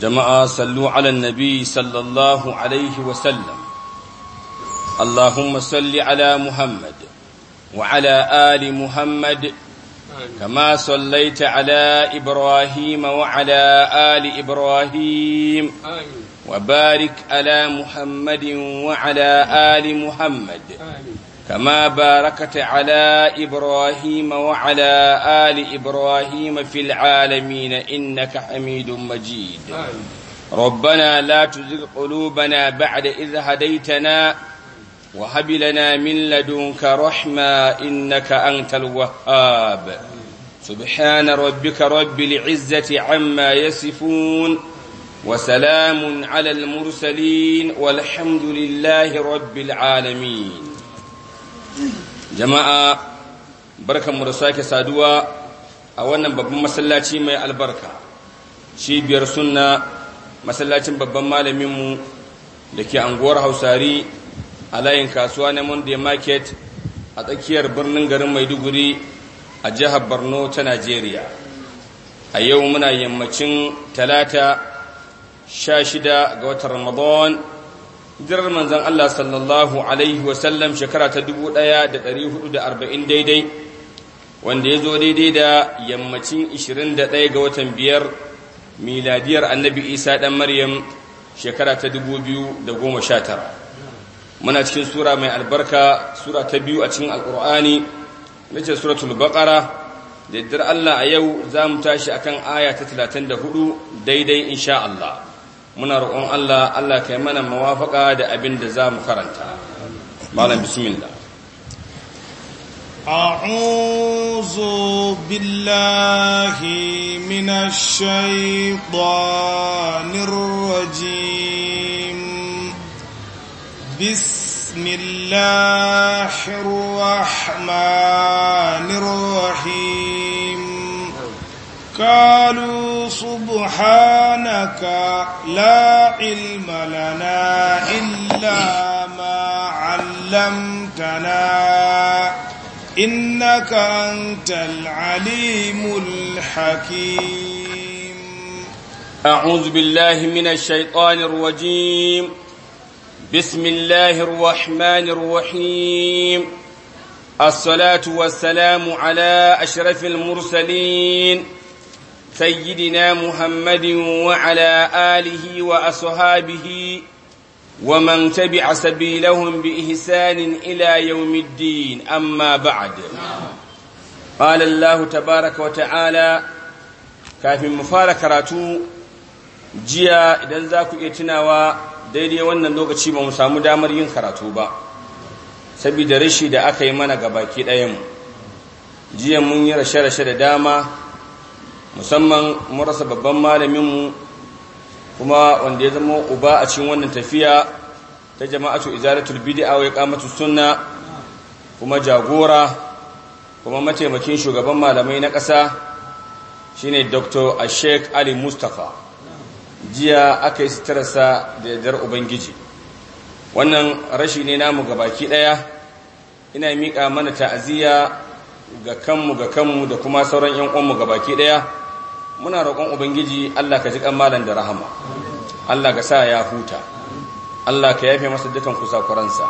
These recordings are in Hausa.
jama’a sallu ala nabi sallallahu alaihi wasallam Allahumma salli ala Muhammad wa ala ali Muhammad kama sallaita ala Ibrahim wa ala ali Ibrahim wa barik ala Muhammadin wa ala ali Muhammad كما باركت على إبراهيم وعلى آل إبراهيم في العالمين إنك حميد مجيد ربنا لا تزغ قلوبنا بعد إذ هديتنا وهب لنا من لدنك رحمة إنك أنت الوهاب سبحان ربك رب العزة عما يصفون وسلام على المرسلين والحمد لله رب العالمين jama'a mu da sake saduwa a wannan babban masallaci mai albarka cibiyar sunna masallacin babban malaminmu da ke anguwar hausari a layin kasuwa na monday market a tsakiyar birnin garin maiduguri a jihar borno ta najeriya a yau muna yammacin talata 16 ga watan ramadan Jirar manzan Allah sallallahu alaihi wasallam shekara ta 1440 daidai wanda ya zo daidai da yammacin 21 ga watan biyar miladiyar annabi isa ɗan maryam shekara ta 2019 muna cikin sura mai albarka sura ta biyu a cikin alkur'ani nace ce suratul baqara da Allah a yau za mu tashi akan aya ta 34 daidai insha Allah muna roƙon Allah Allah kai mana mawafaka da abin da za mu karanta malam bismillah أعوذ بالله من الشيطان الرجيم بسم الله الرحمن الرحيم قالوا سبحانك لا علم لنا إلا ما علمتنا إنك أنت العليم الحكيم أعوذ بالله من الشيطان الرجيم بسم الله الرحمن الرحيم الصلاة والسلام على أشرف المرسلين سيدنا محمد وعلى آله وأصحابه ومن تبع سبيلهم بإحسان إلى يوم الدين أما بعد قال الله تبارك وتعالى kafin mu fara karatu jiya idan za ku iya tunawa daidai wannan lokaci ba mu samu damar yin karatu ba saboda rashi da aka yi mana baki ɗayan jiya mun yi rashe-rashe da dama musamman marasa babban malaminmu kuma wanda ya zama uba a cikin wannan tafiya ta jama'atu izalatul bid'a wa iqamatu sunna kuma jagora kuma mataimakin shugaban malamai na ƙasa shine Dr. ashek Ali Mustafa jiya aka yi sitarsa da yardar ubangiji wannan rashi ne namu ga baki ɗaya ina miƙa mana ta'aziyya ga kanmu ga kanmu da kuma sauran 'yan uwanmu ga baki daya muna roƙon ubangiji Allah ka ji malam da rahama Allah ka sa ya huta Allah ka yafe masa dukan kusakuransa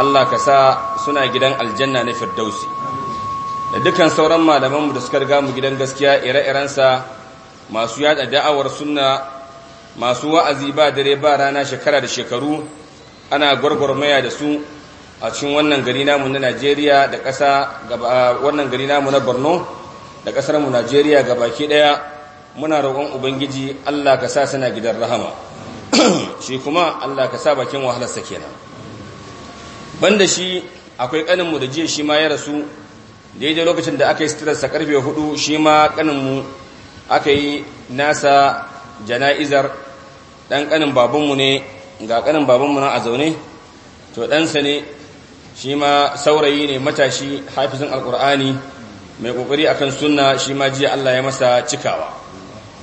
Allah ka sa suna gidan aljanna na firdausi da dukan sauran malamanmu da suka riga mu gidan gaskiya ire-irensa masu yada da'awar sunna masu wa'azi ba dare ba rana shekara da shekaru ana gwargwarmaya da su a cikin wannan gari namu na Najeriya da ƙasa wannan gari namu na Borno da ƙasar mu Najeriya ga baki ɗaya muna roƙon ubangiji Allah ka sa suna gidan rahama shi kuma Allah ka sa bakin wahalarsa kenan banda shi akwai kanin mu da jiya shi ma ya rasu daidai lokacin da aka yi sitirarsa karfe hudu shi ma kanin aka yi nasa jana'izar ɗan kanin babanmu ne ga kanin babanmu na a zaune to ɗansa ne shi ma saurayi ne matashi hafizin alkur'ani mai kokari akan sunna shi ma jiya Allah ya masa cikawa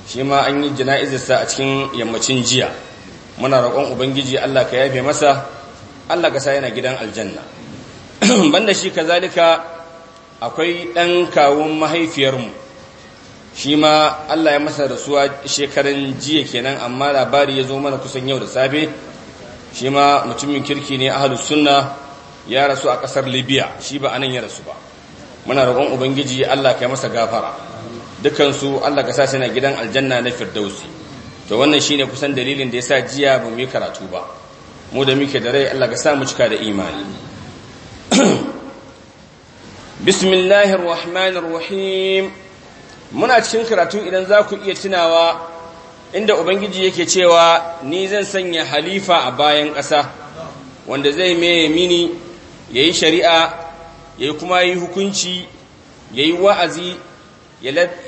shi ma an yi jana'izarsa a cikin yammacin jiya muna roƙon ubangiji Allah ka yafe masa Allah ka sa yana gidan aljanna banda shi kazalika akwai ɗan kawun mahaifiyarmu shi ma Allah ya masa rasuwa shekaran jiya kenan amma labari ya zo mana kusan yau da safe shi ma mutumin kirki ne ahlus sunna ya rasu a ƙasar Libya shi ba anan ya rasu ba muna roƙon ubangiji Allah kai masa gafara dukansu Allah ka sa su na gidan aljanna na firdausi to wannan shine kusan dalilin da yasa jiya ba mu yi karatu ba mu da muke da rai Allah ka sa mu cika da imani bismillahir rahmanir rahim muna cikin karatu idan za ku iya tunawa inda ubangiji yake cewa ni zan sanya halifa a bayan ƙasa wanda zai meye mini yayi shari'a yayi kuma yi hukunci ya yi wa'azi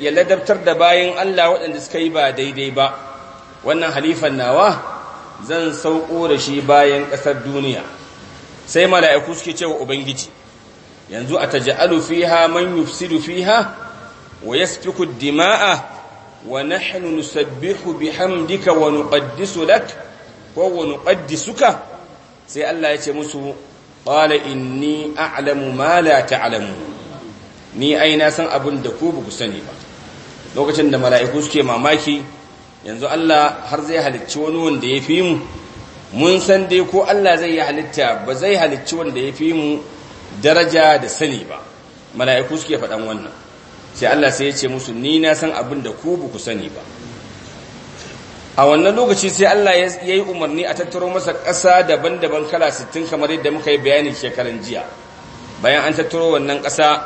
ya ladabtar da bayan Allah waɗanda suka yi ba daidai ba wannan halifan nawa zan sauko da shi bayan ƙasar duniya sai mala'iku suke cewa ubangiji yanzu a taja'alu fiha man yufsidu fiha wa yasfiku dima'a wa nahnu nusabbihu bihamdika wa nuqaddisu lak ko wa nuqaddisuka sai Allah ya ce musu qala inni a'lamu ma la ta'lamu ni ai na san abin da ku ba sani ba lokacin da mala'iku suke mamaki yanzu Allah har zai halicci wani wanda yafi mu mun san dai ko Allah zai yi halitta ba zai halicci wanda ya fi mu daraja da sani ba mala'iku suke faɗan wannan sai Allah sai ya ce musu ni na san abin da ku ba sani ba a wannan lokaci sai Allah ya yi umarni a tattaro masa ƙasa daban-daban kala 60 kamar yadda muka yi bayani shekaran jiya bayan an tattaro wannan ƙasa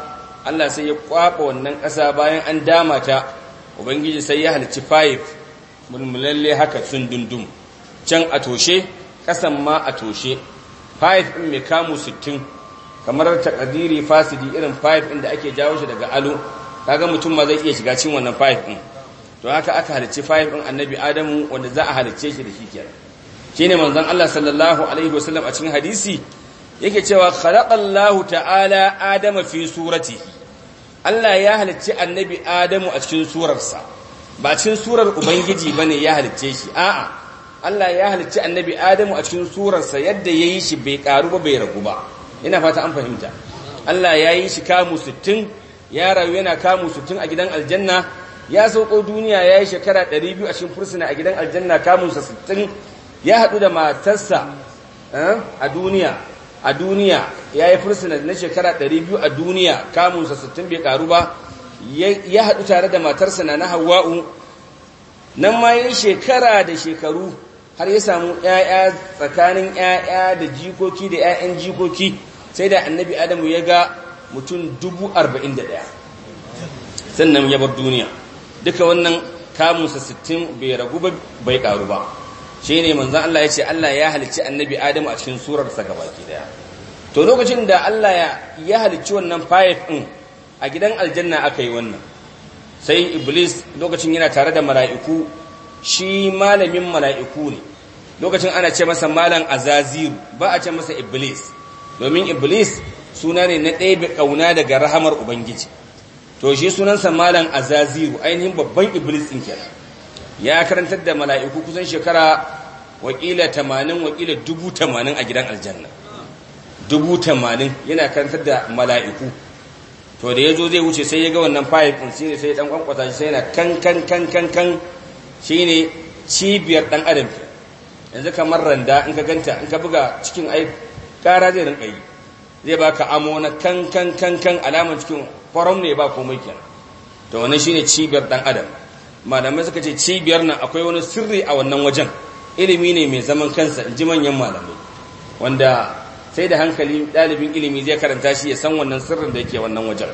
Allah sai ya kwaɓa wannan ƙasa bayan an dama ta ubangiji sai ya halci fayif mulmulalle haka sun dundum can a toshe ƙasan ma a toshe fayif ɗin mai kamu 60 kamar takadiri fasidi irin fayif ɗin da ake jawo shi daga alu kaga mutum ma zai iya shiga cin wannan fayif ɗin to haka aka halicci fayil ɗin annabi adamu wanda za a halicce shi da shi ne shine manzon Allah sallallahu alaihi wasallam a cikin hadisi yake cewa khalaqallahu ta'ala adama fi suratihi Allah ya halicci annabi adamu a cikin surarsa ba cikin surar ubangiji bane ya halicce shi a'a Allah ya halicci annabi adamu a cikin surarsa yadda ya yi shi bai karu ba bai ragu ba ina fata an fahimta Allah ya yi shi kamu 60 ya rayu yana kamu 60 a gidan aljanna ya sauko duniya ya yi shekara 200 a cikin fursuna a gidan aljanna kamunsa 60 ya haɗu da matarsa eh, a duniya a duniya ya yi fursuna na shekara 200 a duniya kamunsa 60 bai karu ba ya haɗu tare da matarsa na hawa'u nan ma yi shekara da shekaru har ya samu ‘ya'ya tsakanin ‘ya'ya da jikoki da ‘ya'yan jikoki sai da annabi adamu ya ga mutum dubu arba'in da ɗaya sannan ya bar duniya duka wannan kamunsa sittin bai ragu ba bai karu ba shi ne manzan Allah ya ce Allah ya halicci annabi Adamu a cikin surarsa gabaki daya to lokacin da Allah ya halicci wannan fayif ɗin a gidan aljanna aka yi wannan sai iblis lokacin yana tare da mala'iku shi malamin mala'iku ne lokacin ana ce masa malam azaziru ba a ce masa iblis domin iblis suna ne na ɗaya bi ƙauna daga rahamar ubangiji to shi sunansa malam azaziru ainihin babban iblis din kenan ya karantar da mala'iku kusan shekara wakila 80 wakila 80 a gidan aljanna 80 yana karantar da mala'iku to da yazo zai wuce sai ya ga wannan fayil din shine sai dan kwankwata shi sai yana kan kan kan kan kan shine cibiyar dan adam yanzu kamar randa in ka ganta in ka buga cikin ai kara zai rinka yi zai ba baka amo na kankan kankan alaman cikin kwaron ne ba komai kenan to wannan shine cibiyar dan adam malamai suka ce cibiyar nan akwai wani sirri a wannan wajen ilimi ne mai zaman kansa in ji manyan malamai wanda sai da hankali ɗalibin ilimi zai karanta shi ya san wannan sirrin da yake wannan wajen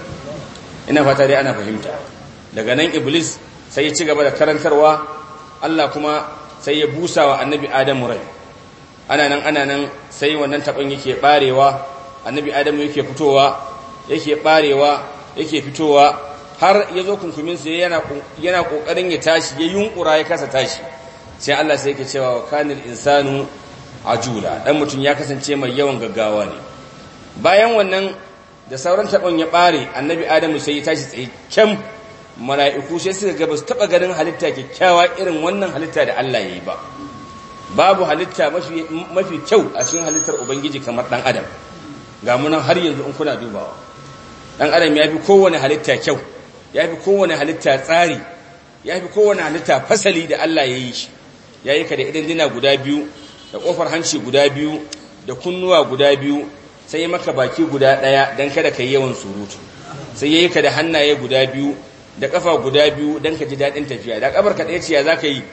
ina fata dai ana fahimta daga nan iblis sai ya ci gaba da karantarwa Allah kuma sai ya busa wa annabi adamu rai ana nan ana nan sai wannan taɓon yake ɓarewa annabi adamu yake fitowa yake barewa yake fitowa har ya zo sa yana yana kokarin ya tashi ya yunkura ya kasa tashi sai Allah sai yake cewa wa kanil insanu ajula dan mutum ya kasance mai yawan gaggawa ne bayan wannan da sauran tabon ya bare annabi adamu sai ya tashi tsaye kyam mala'iku sai suka ga basu taba ganin halitta kyakkyawa irin wannan halitta da Allah ya yi ba babu halitta mafi mafi kyau a cikin halittar ubangiji kamar dan adam ga munan har yanzu in kuna dubawa dan adam ya fi kowane halitta kyau ya fi kowane halitta tsari ya fi kowane halitta fasali da Allah ya yi shi ya yi ka da idan dina guda biyu da kofar hanci guda biyu da kunnuwa guda biyu sai ya maka baki guda ɗaya dan kada ka yi yawan surutu sai ya yi ka da hannaye guda biyu da kafa guda biyu dan ka ji daɗin tafiya da kabar ka ɗaya ciya za ka yi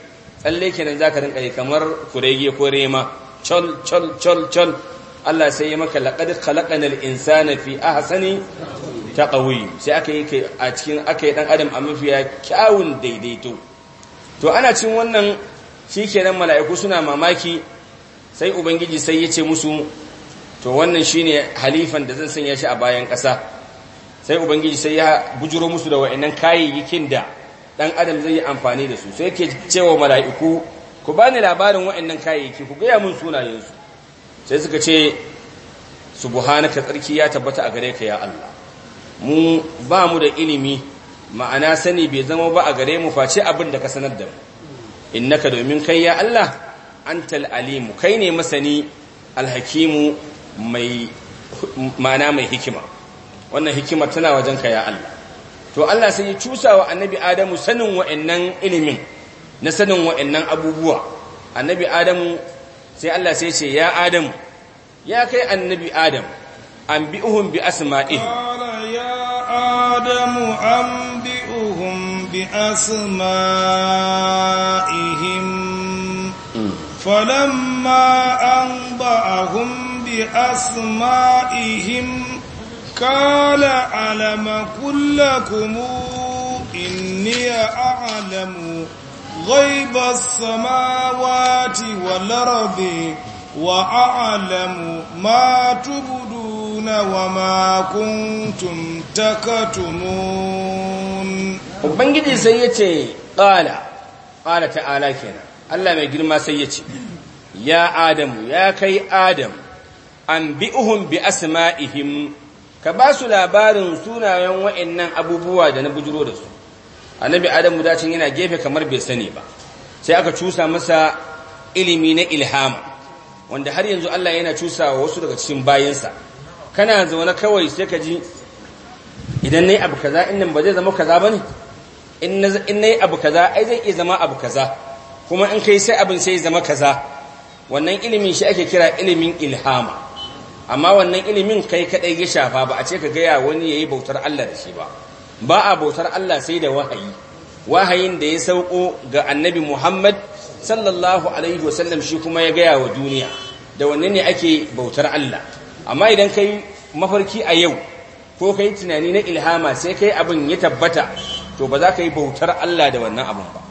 tsalle kenan za ka rinka yi kamar kurege ko rema col col col col Allah sai ya maka laqad khalaqanal insana fi ahsani taqwim sai aka yi a cikin aka yi dan adam a mafiya kyawun daidaito to ana cin wannan shikenan mala'iku suna mamaki sai ubangiji sai ya ce musu to wannan shine halifan da zan sanya shi a bayan ƙasa sai ubangiji sai ya bujuro musu da wa'annan kayayyakin da dan adam zai yi amfani da su sai yake cewa mala'iku ku bani labarin wayannan kayayyaki ku gaya mun sunayensu sai suka ce subhanaka tsarki ya tabbata a gare ka ya Allah mu ba mu da ilimi ma'ana sani bai zama ba a gare mu face abin da ka sanar da mu innaka domin kai ya Allah antal alimu kai ne masani alhakimu ma'ana mai hikima wannan hikima tana wajen ka ya Allah to Allah sai ya cusa wa annabi Adamu sanin wa'annan ilimin na sanin wa'annan abubuwa annabi Adamu sai Allah sai ce ya Adam ya kai annabi Adam an bi'uhum bi asma'ih ya Adamu an bi'uhum bi asma'ihim hmm. falamma anba'ahum bi asma'ihim قال ألم كلكم إني أعلم غيب السماوات والأرض وأعلم ما تبدون وما كنتم تكتمون Ubangiji sai ya ce, ƙala, ƙala ta'ala kenan, Allah mai girma sai ya ce, Ya Adamu, ya kai Adam, an bi'uhun bi asma'ihim, ka ba su labarin sunayen wa'in abubuwa da na bujiro da su. annabi adamu dacin yana gefe kamar bai sani ba sai aka cusa masa ilimi na ilham wanda har yanzu Allah yana cusa wa wasu daga cikin bayansa kana zaune kawai sai ka ji idan nayi abu kaza in ba zai zama kaza bane in in nayi abu kaza ai zai iya zama abu kaza kuma in kai sai abin sai zama kaza wannan ilimin shi ake kira ilimin ilhama amma wannan ilimin kai kadai ya shafa ba a ce ka gaya wani yayi bautar Allah da shi ba ba a bautar Allah sai da wahayi wahayin da ya sauko ga annabi Muhammad sallallahu alaihi wasallam shi kuma ya gaya wa duniya da wanne ne ake bautar Allah amma idan kai mafarki a yau ko kai tunani na ilhama sai kai abin ya tabbata to ba za ka yi bautar Allah da wannan abin ba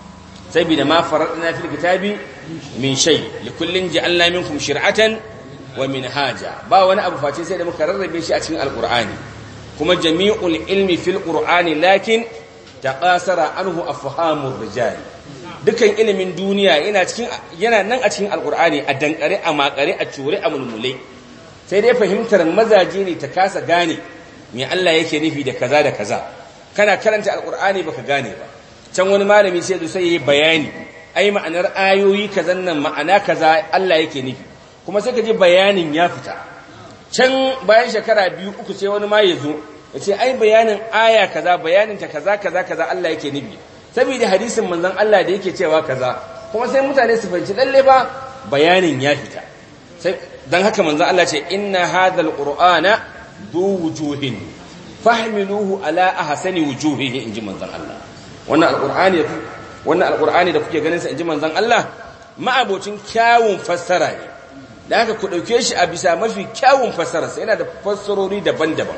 saboda ma faradna fil kitabi min shay likullin ja'alna minkum shir'atan wa minhaja ba wani abu face sai da muka rarrabe shi a cikin alqur'ani kuma jami'ul ilmi fil qur'ani lakin taqasara anhu afhamur rijal dukan ilimin duniya yana cikin yana nan a cikin alqur'ani a dankare a makare a cure a mulmule sai dai fahimtar mazaje ne ta kasa gane me Allah yake nufi da kaza da kaza kana karanta alqur'ani baka gane ba can wani malami sai zo sai yayi bayani ai ma'anar ayoyi kazan nan ma'ana kaza Allah yake nufi kuma sai ka ji bayanin ya fita can bayan shekara biyu uku sai wani ma ya zo ya ce ai bayanin aya kaza bayanin ta kaza kaza kaza Allah yake nubi saboda hadisin manzon Allah da yake cewa kaza kuma sai mutane su fahimci lalle ba bayanin ya fita sai dan haka manzon Allah ce inna hadhal qur'ana du wujuhin fahmiluhu ala ahsani wujuhihi inji manzon Allah wannan alqur'ani wannan alqur'ani da kuke ganin sa inji manzon Allah ma'abocin kyawun fassara ne da haka ku ɗauke shi a bisa mafi kyawun fassararsa yana da fassarori daban-daban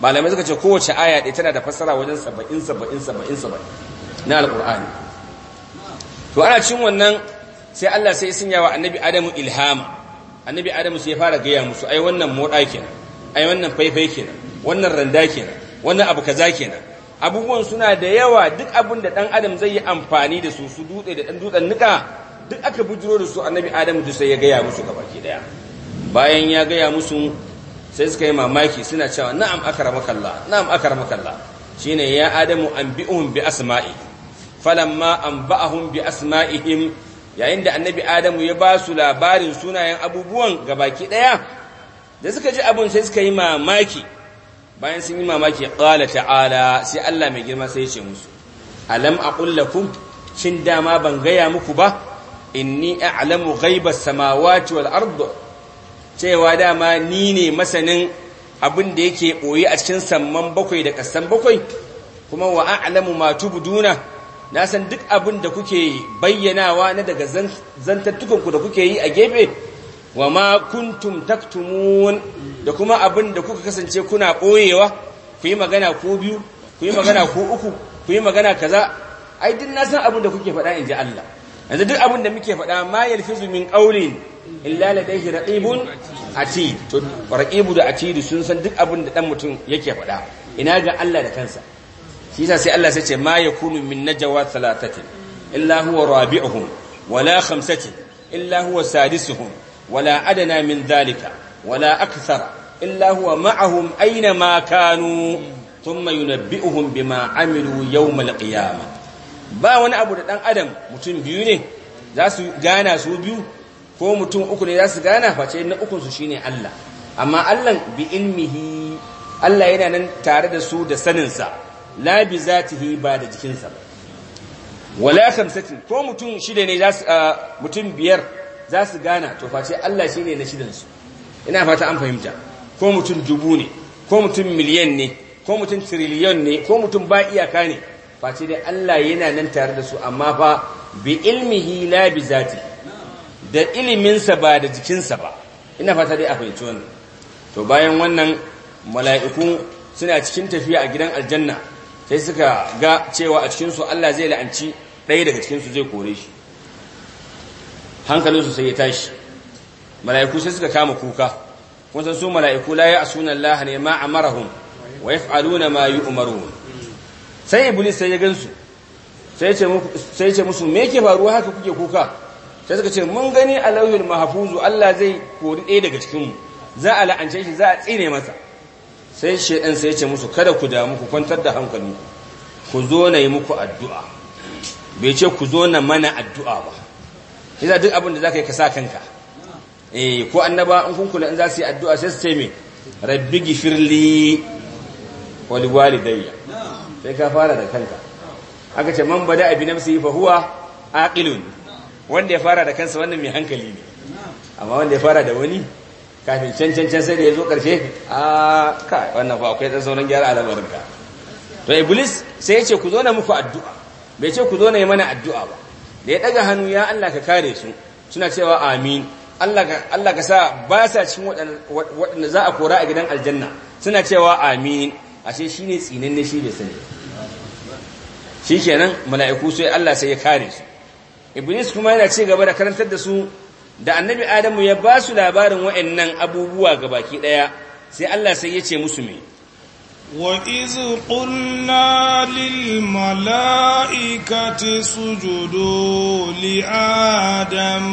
malamai suka ce kowace aya ɗaya tana da fassara wajen saba'in saba'in saba'in saba'in na alƙur'ani to ana cin wannan sai Allah sai sanya wa annabi Adamu ilhama annabi Adamu sai ya fara gaya musu ai wannan moɗa kenan ai wannan faifai kenan wannan randa kenan wannan abu kaza kenan abubuwan suna da yawa duk abin da ɗan adam zai yi amfani da su su dutse da ɗan dutsen nika duk aka bujiro da su annabi adamu duk sai ya gaya musu ga baki daya bayan ya gaya musu sai suka yi mamaki suna cewa na'am Allah na'am Allah shine ya adamu anbi'uhum bi asma'i falamma anba'ahum bi asma'ihim yayin da annabi adamu ya ba su labarin sunayen abubuwan ga baki daya da suka ji abun sai suka yi mamaki bayan sun yi mamaki qala ta'ala sai Allah mai girma sai ya ce musu alam aqul lakum shin dama ban gaya muku ba inni a'lamu ghaiba samawati wal ardh cewa dama ni ne masanin abin da yake boye a cikin samman bakwai da kasan bakwai kuma wa a'lamu ma tubduna na san duk abin da kuke bayyanawa na daga zantattukan ku da kuke yi a gefe wa ma kuntum taktumun da kuma abin da kuka kasance kuna boyewa ku yi magana ko biyu ku yi magana ko uku ku yi magana kaza ai duk na san abin da kuke faɗa in ji Allah yanzu duk abin da muke faɗa ma yalfizu min qawlin illa ladayhi raqibun a to raqibu da atid sun san duk abin da dan mutum yake faɗa ina ga Allah da kansa shi sa sai Allah sai ce ma kunu min najwa thalathatin illa huwa rabi'uhum wala khamsatin illa huwa sadisuhum wala adana min zalika wala akthara illa huwa ma'ahum aina ma kanu thumma yunabbi'uhum bima amilu yawm al-qiyamah ba wani abu da ɗan adam mutum biyu ne za su gana su biyu ko mutum uku ne za su gana face na ukunsu shine Allah amma Allah bi ilmihi Allah yana nan tare da su da saninsa la bi zatihi ba da jikinsa wala khamsati ko mutum shida ne za su mutum biyar za su gana to face Allah shine na shidan su ina fata an fahimta ko mutum dubu ne ko mutum miliyan ne ko mutum triliyon ne ko mutum ba iyaka ne face dai Allah yana nan tare da su amma fa bi ilmihi la bi zati da iliminsa ba da jikinsa ba ina fata dai a fahimci wannan to bayan wannan mala'iku suna cikin tafiya a gidan aljanna sai suka ga cewa a cikin su Allah zai la'anci ɗaya daga cikin su zai kore shi hankalinsu sai ya tashi mala'iku sai suka kama kuka kun san su mala'iku la asuna Allah ne ma amarahum wa yaf'aluna ma yu'marun sai iblis sai ya gansu sai ce musu me ke faruwa haka kuke kuka sai suka ce mun gani a lauyin mahafuzu Allah zai kori ɗaya daga cikinmu za a la'ance shi za a tsine masa sai shaidan sai ce musu kada ku damu ku kwantar da hankali ku zo na yi muku addu'a bai ce ku zo na mana addu'a ba yana duk abin da za ka yi ka sa kanka eh ko annaba in kun kula in za su yi addu'a sai su ce me rabbi gifirli wali walidayya sai ka fara da kanka aka ce man bada abi nafsihi fa huwa aqilun wanda ya fara da kansa wannan mai hankali ne amma wanda ya fara da wani kafin can can can sai da ya zo karshe a ka wannan fa akwai dan sauran gyara al'amarin ka to iblis sai ya ce ku zo na muku addu'a bai ce ku zo na yi mana addu'a ba da ya daga hannu ya Allah ka kare su suna cewa amin Allah ka sa ba sa cikin waɗanda za a kora a gidan aljanna suna cewa amin ashe shi ne tsinanne shi bai sani shi kenan mala'iku sai Allah sai ya kare su iblis kuma yana ci gaba da karantar da su da annabi adamu ya ba su labarin wa'annan abubuwa ga baki ɗaya sai Allah sai ya ce musu me وإذ قلنا للملائكة سجدوا لآدم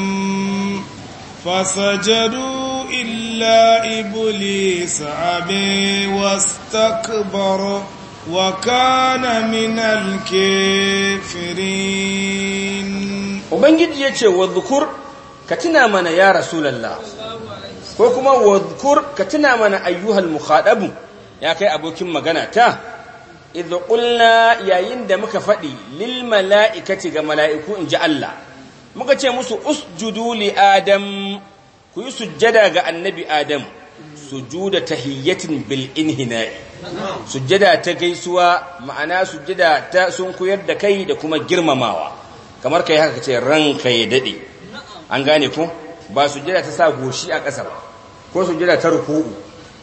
فسجدوا إلا إبليس أبي واستكبر وكان من الكافرين ubangiji yace wadhkur ka tuna mana ya rasulullah ko kuma wadhkur ka tuna mana ayyuhal mukhadabu ya kai abokin magana ta idh yayin da muka faɗi lil malaikati ga malaiku in ji Allah muka ce musu usjudu li adam ku sujjada ga annabi adam sujuda tahiyyatin bil inhina'i sujjada ta gaisuwa ma'ana sujjada ta sun koyar da kai da kuma girmamawa kamar kai haka ce ranka ya dade an gane ko ba sujjada ta sa goshi a ƙasa ba ko sujjada ta ruku'u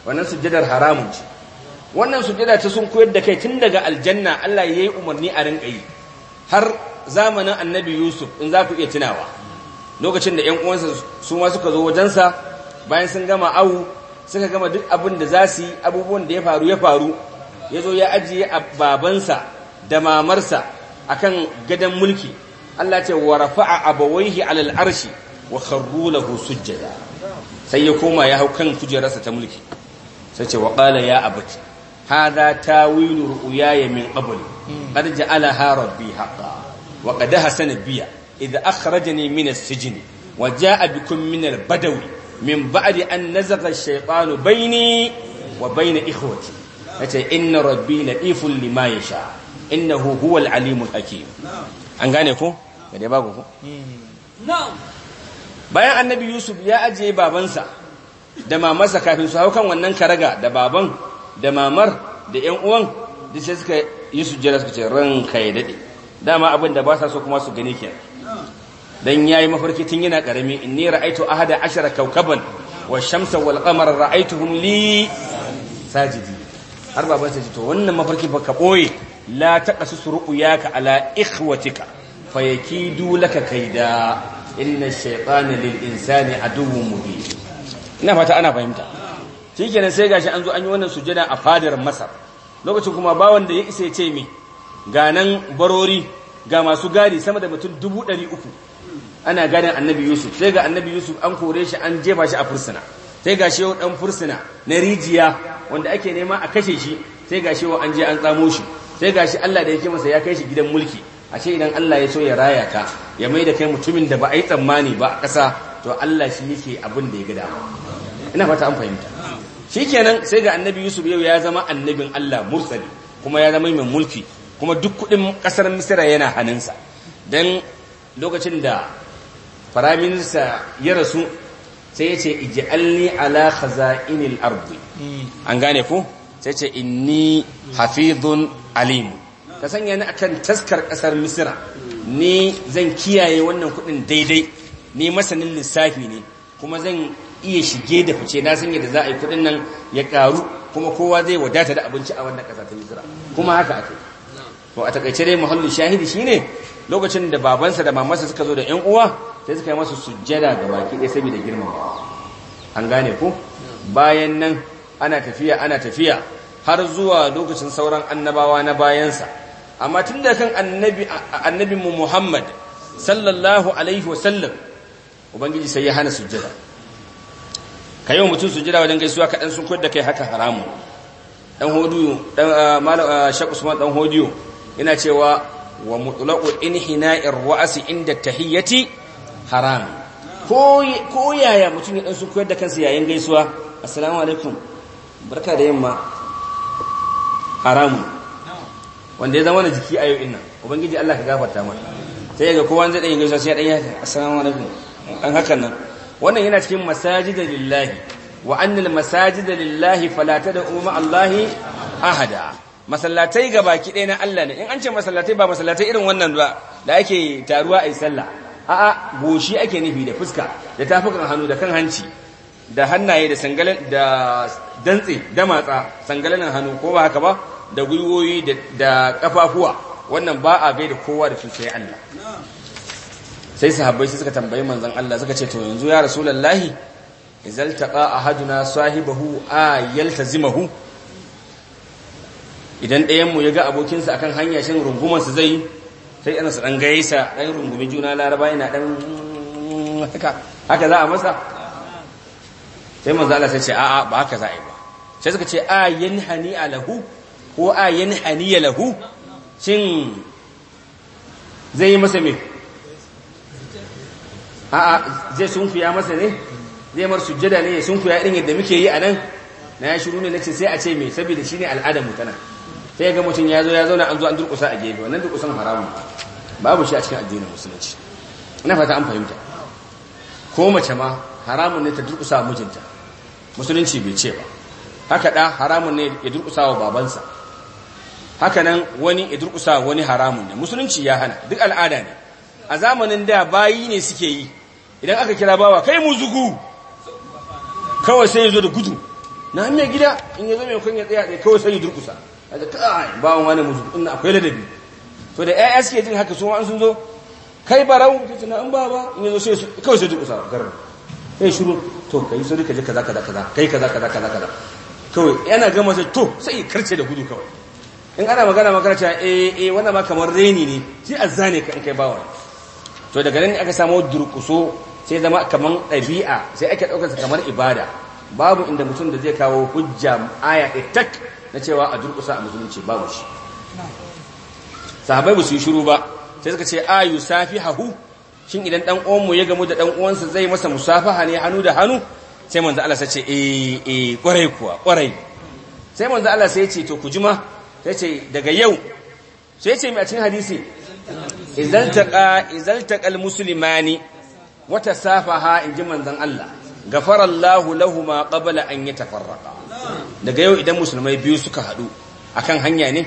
wannan sujjadar haramun ce wannan sujjada ta sun koyar da kai tun daga aljanna Allah yayi umarni a rinka yi har zamanin annabi Yusuf in za ku iya tunawa lokacin da ‘yan uwansa su ma suka zo wajensa bayan sun gama awu suka gama duk abin da za su yi abubuwan da ya faru ya faru ya zo ya ajiye babansa da mamarsa akan gadon mulki Allah ce wa rafa'a abawaihi alal arshi wa kharru lahu sujjada sai ya koma ya hau kan kujerarsa ta mulki sai ce wa qala ya abati hadha tawilu ru'yaya min qabl qad ja'alaha rabbi haqqan wa qad hasana biya idh akhrajani min as-sijni wa ja'a bikum min al-badawi min ba'di an nazaga shaytanu baini wa baina ikhwati yace inna rabbi latiful lima yasha innahu huwal alimul hakim an gane ku me dai bago ku bayan annabi yusuf ya ajiye babansa da mamarsa kafin su haukan kan wannan karaga da baban da mamar da yan uwan da sai suka yi sujjada suka ce ran ya dade dama abin da ba sa so kuma su gani kenan dan yayi mafarki tun yana karami inni ra'aitu ahada ashara kawkaban wa shamsa wal qamara ra'aituhum li sajidi har baban sai to wannan mafarki fa ka boye la taqasu ru'yaka ala ikhwatika fayakidu laka kaida inna ash-shaytana lil insani aduwwun mubin ina fata ana fahimta shikenan sai gashi an zo an yi wannan sujada a fadar masar lokacin kuma ba da ya isa ya ce mi ga nan barori ga masu gadi sama da mutum dubu ɗari uku ana gadon annabi yusuf sai ga annabi yusuf an kore shi an jefa shi a fursuna sai ga shi dan fursuna na rijiya wanda ake nema a kashe shi sai ga shi an je an tsamo shi sai ga shi allah da yake masa ya kai shi gidan mulki a ce idan allah ya so ya raya ka ya mai da kai mutumin da ba a yi tsammani ba a ƙasa to allah shi yake abin da ya ga dama ina fata an fahimta shikenan sai ga annabi yusuf yau ya zama annabin allah mursali kuma ya zama mai mulki kuma duk kuɗin kasar misira yana hannunsa don lokacin da firaminista ya rasu sai ya ce ij'alni ala khaza'inil ardi hmm. an gane ku sai ce inni hafizun alim ka sanya ni akan taskar kasar misira ni zan kiyaye wannan kudin daidai ni masanin lissafi ne kuma zan iya shige da fice na sanya da za a yi kudin nan ya karu kuma kowa zai wadata da abinci a wannan kasa ta misira kuma haka ake to a takaice dai muhallin shahidi shine lokacin da babansa da mamansa suka zo da yan uwa sai suka yi masa sujjada ga baki ɗaya saboda girmama an gane ku bayan nan ana tafiya ana tafiya har zuwa lokacin sauran annabawa na bayansa amma tun da kan annabi mu Muhammad sallallahu alaihi wasallam ubangiji sai ya hana sujjada yi wa mutum sujjada wajen gaisuwa kaɗan sun koyar da kai haka haramu ɗan hodiyo ɗan ah, malam ah, Sheikh Usman dan hodiyo yana cewa wa in inhina'ir ra'si inda tahiyyati haram ko yaya mutum ya dan sun koyar da kansa yayin gaisuwa assalamu alaikum barka da yamma haramu wanda ya zama na jiki a yau ina ubangiji Allah ka gafarta mana sai ga kowa zai dan gaisuwa sai ya dan yaka assalamu alaikum an hakan nan wannan yana cikin da lillahi wa annal da lillahi fala tad'u ma Allahi ahada masallatai ga baki ɗaya na Allah ne in an ce masallatai ba masallatai irin wannan ba da ake taruwa a yi sallah a'a goshi ake nufi da fuska da tafukan hannu da kan hanci da hannaye da sangalan da dantse da matsa sangalan hannu ko ba haka ba da gwiwoyi da kafafuwa wannan ba a gaida kowa da tsaye Allah sai sahabbai suka tambayi manzon Allah suka ce to yanzu ya rasulullahi izal taqa ahaduna sahibahu ayaltazimahu idan ɗayan mu ya ga abokinsa akan hanya shin su zai yi sai yana su dan gaisa dan rungumi juna laraba yana dan haka haka za a masa sai manzo Allah sai ce a'a ba haka za a yi ba sai suka ce a yanhani alahu ko a yanhani lahu shin zai yi masa me a'a zai sunkuya masa ne zai mar sujjada ne ya sunkuya irin yadda muke yi a nan na ya shiru ne nace sai a ce me saboda shine al'adar mu tana sai ga mutum ya zo ya zauna an zo an durƙusa a gefe wannan durƙusan haramun babu shi a cikin addinin musulunci ina fata an fahimta ko mace ma haramun ne ta durkusa wa mijinta musulunci bai ce ba haka da haramun ne ya durkusa wa babansa haka nan wani ya durkusa wani haramun ne musulunci ya hana duk al'ada ne a zamanin da bayi ne suke yi idan aka kira bawa kai mu zugu kawai sai ya zo da gudu na mai gida in ya zo mai kun ya tsaya kawai sai ya durkusa kaga ba bawon wani mutum akwai ladabi to da ƴaƴa suke jin haka su an sun zo kai barau kace tana in baba in yazo sai kai sai duka garin sai shiru to kai sai ka je kaza kaza kaza kai kaza kaza kaza kaza kawai yana gama sai to sai ya karce da gudu kawai in ana magana magana cewa eh eh wannan ma kamar reni ne sai azzane ka in kai bawa to daga nan aka samu durkuso sai zama kamar ɗabi'a sai ake sa kamar ibada babu inda mutum da zai kawo hujja aya ɗaya tak na cewa a durkusa a musulunci babu shi sahabai ba su yi shiru ba sai suka ce a yusafi hahu shin idan dan uwanmu ya gamu da dan uwansa zai masa musafaha ne hannu da hannu sai manzo Allah sai ce eh eh kwarai kuwa kwarai sai manzo Allah sai ce to kujima sai ce daga yau sai ce mai a cikin hadisi idan taqa idan taqal muslimani wata safaha inji manzon Allah gafarallahu lahuma qabla an yatafarraqa daga yau idan musulmai biyu suka haɗu kan hanya ne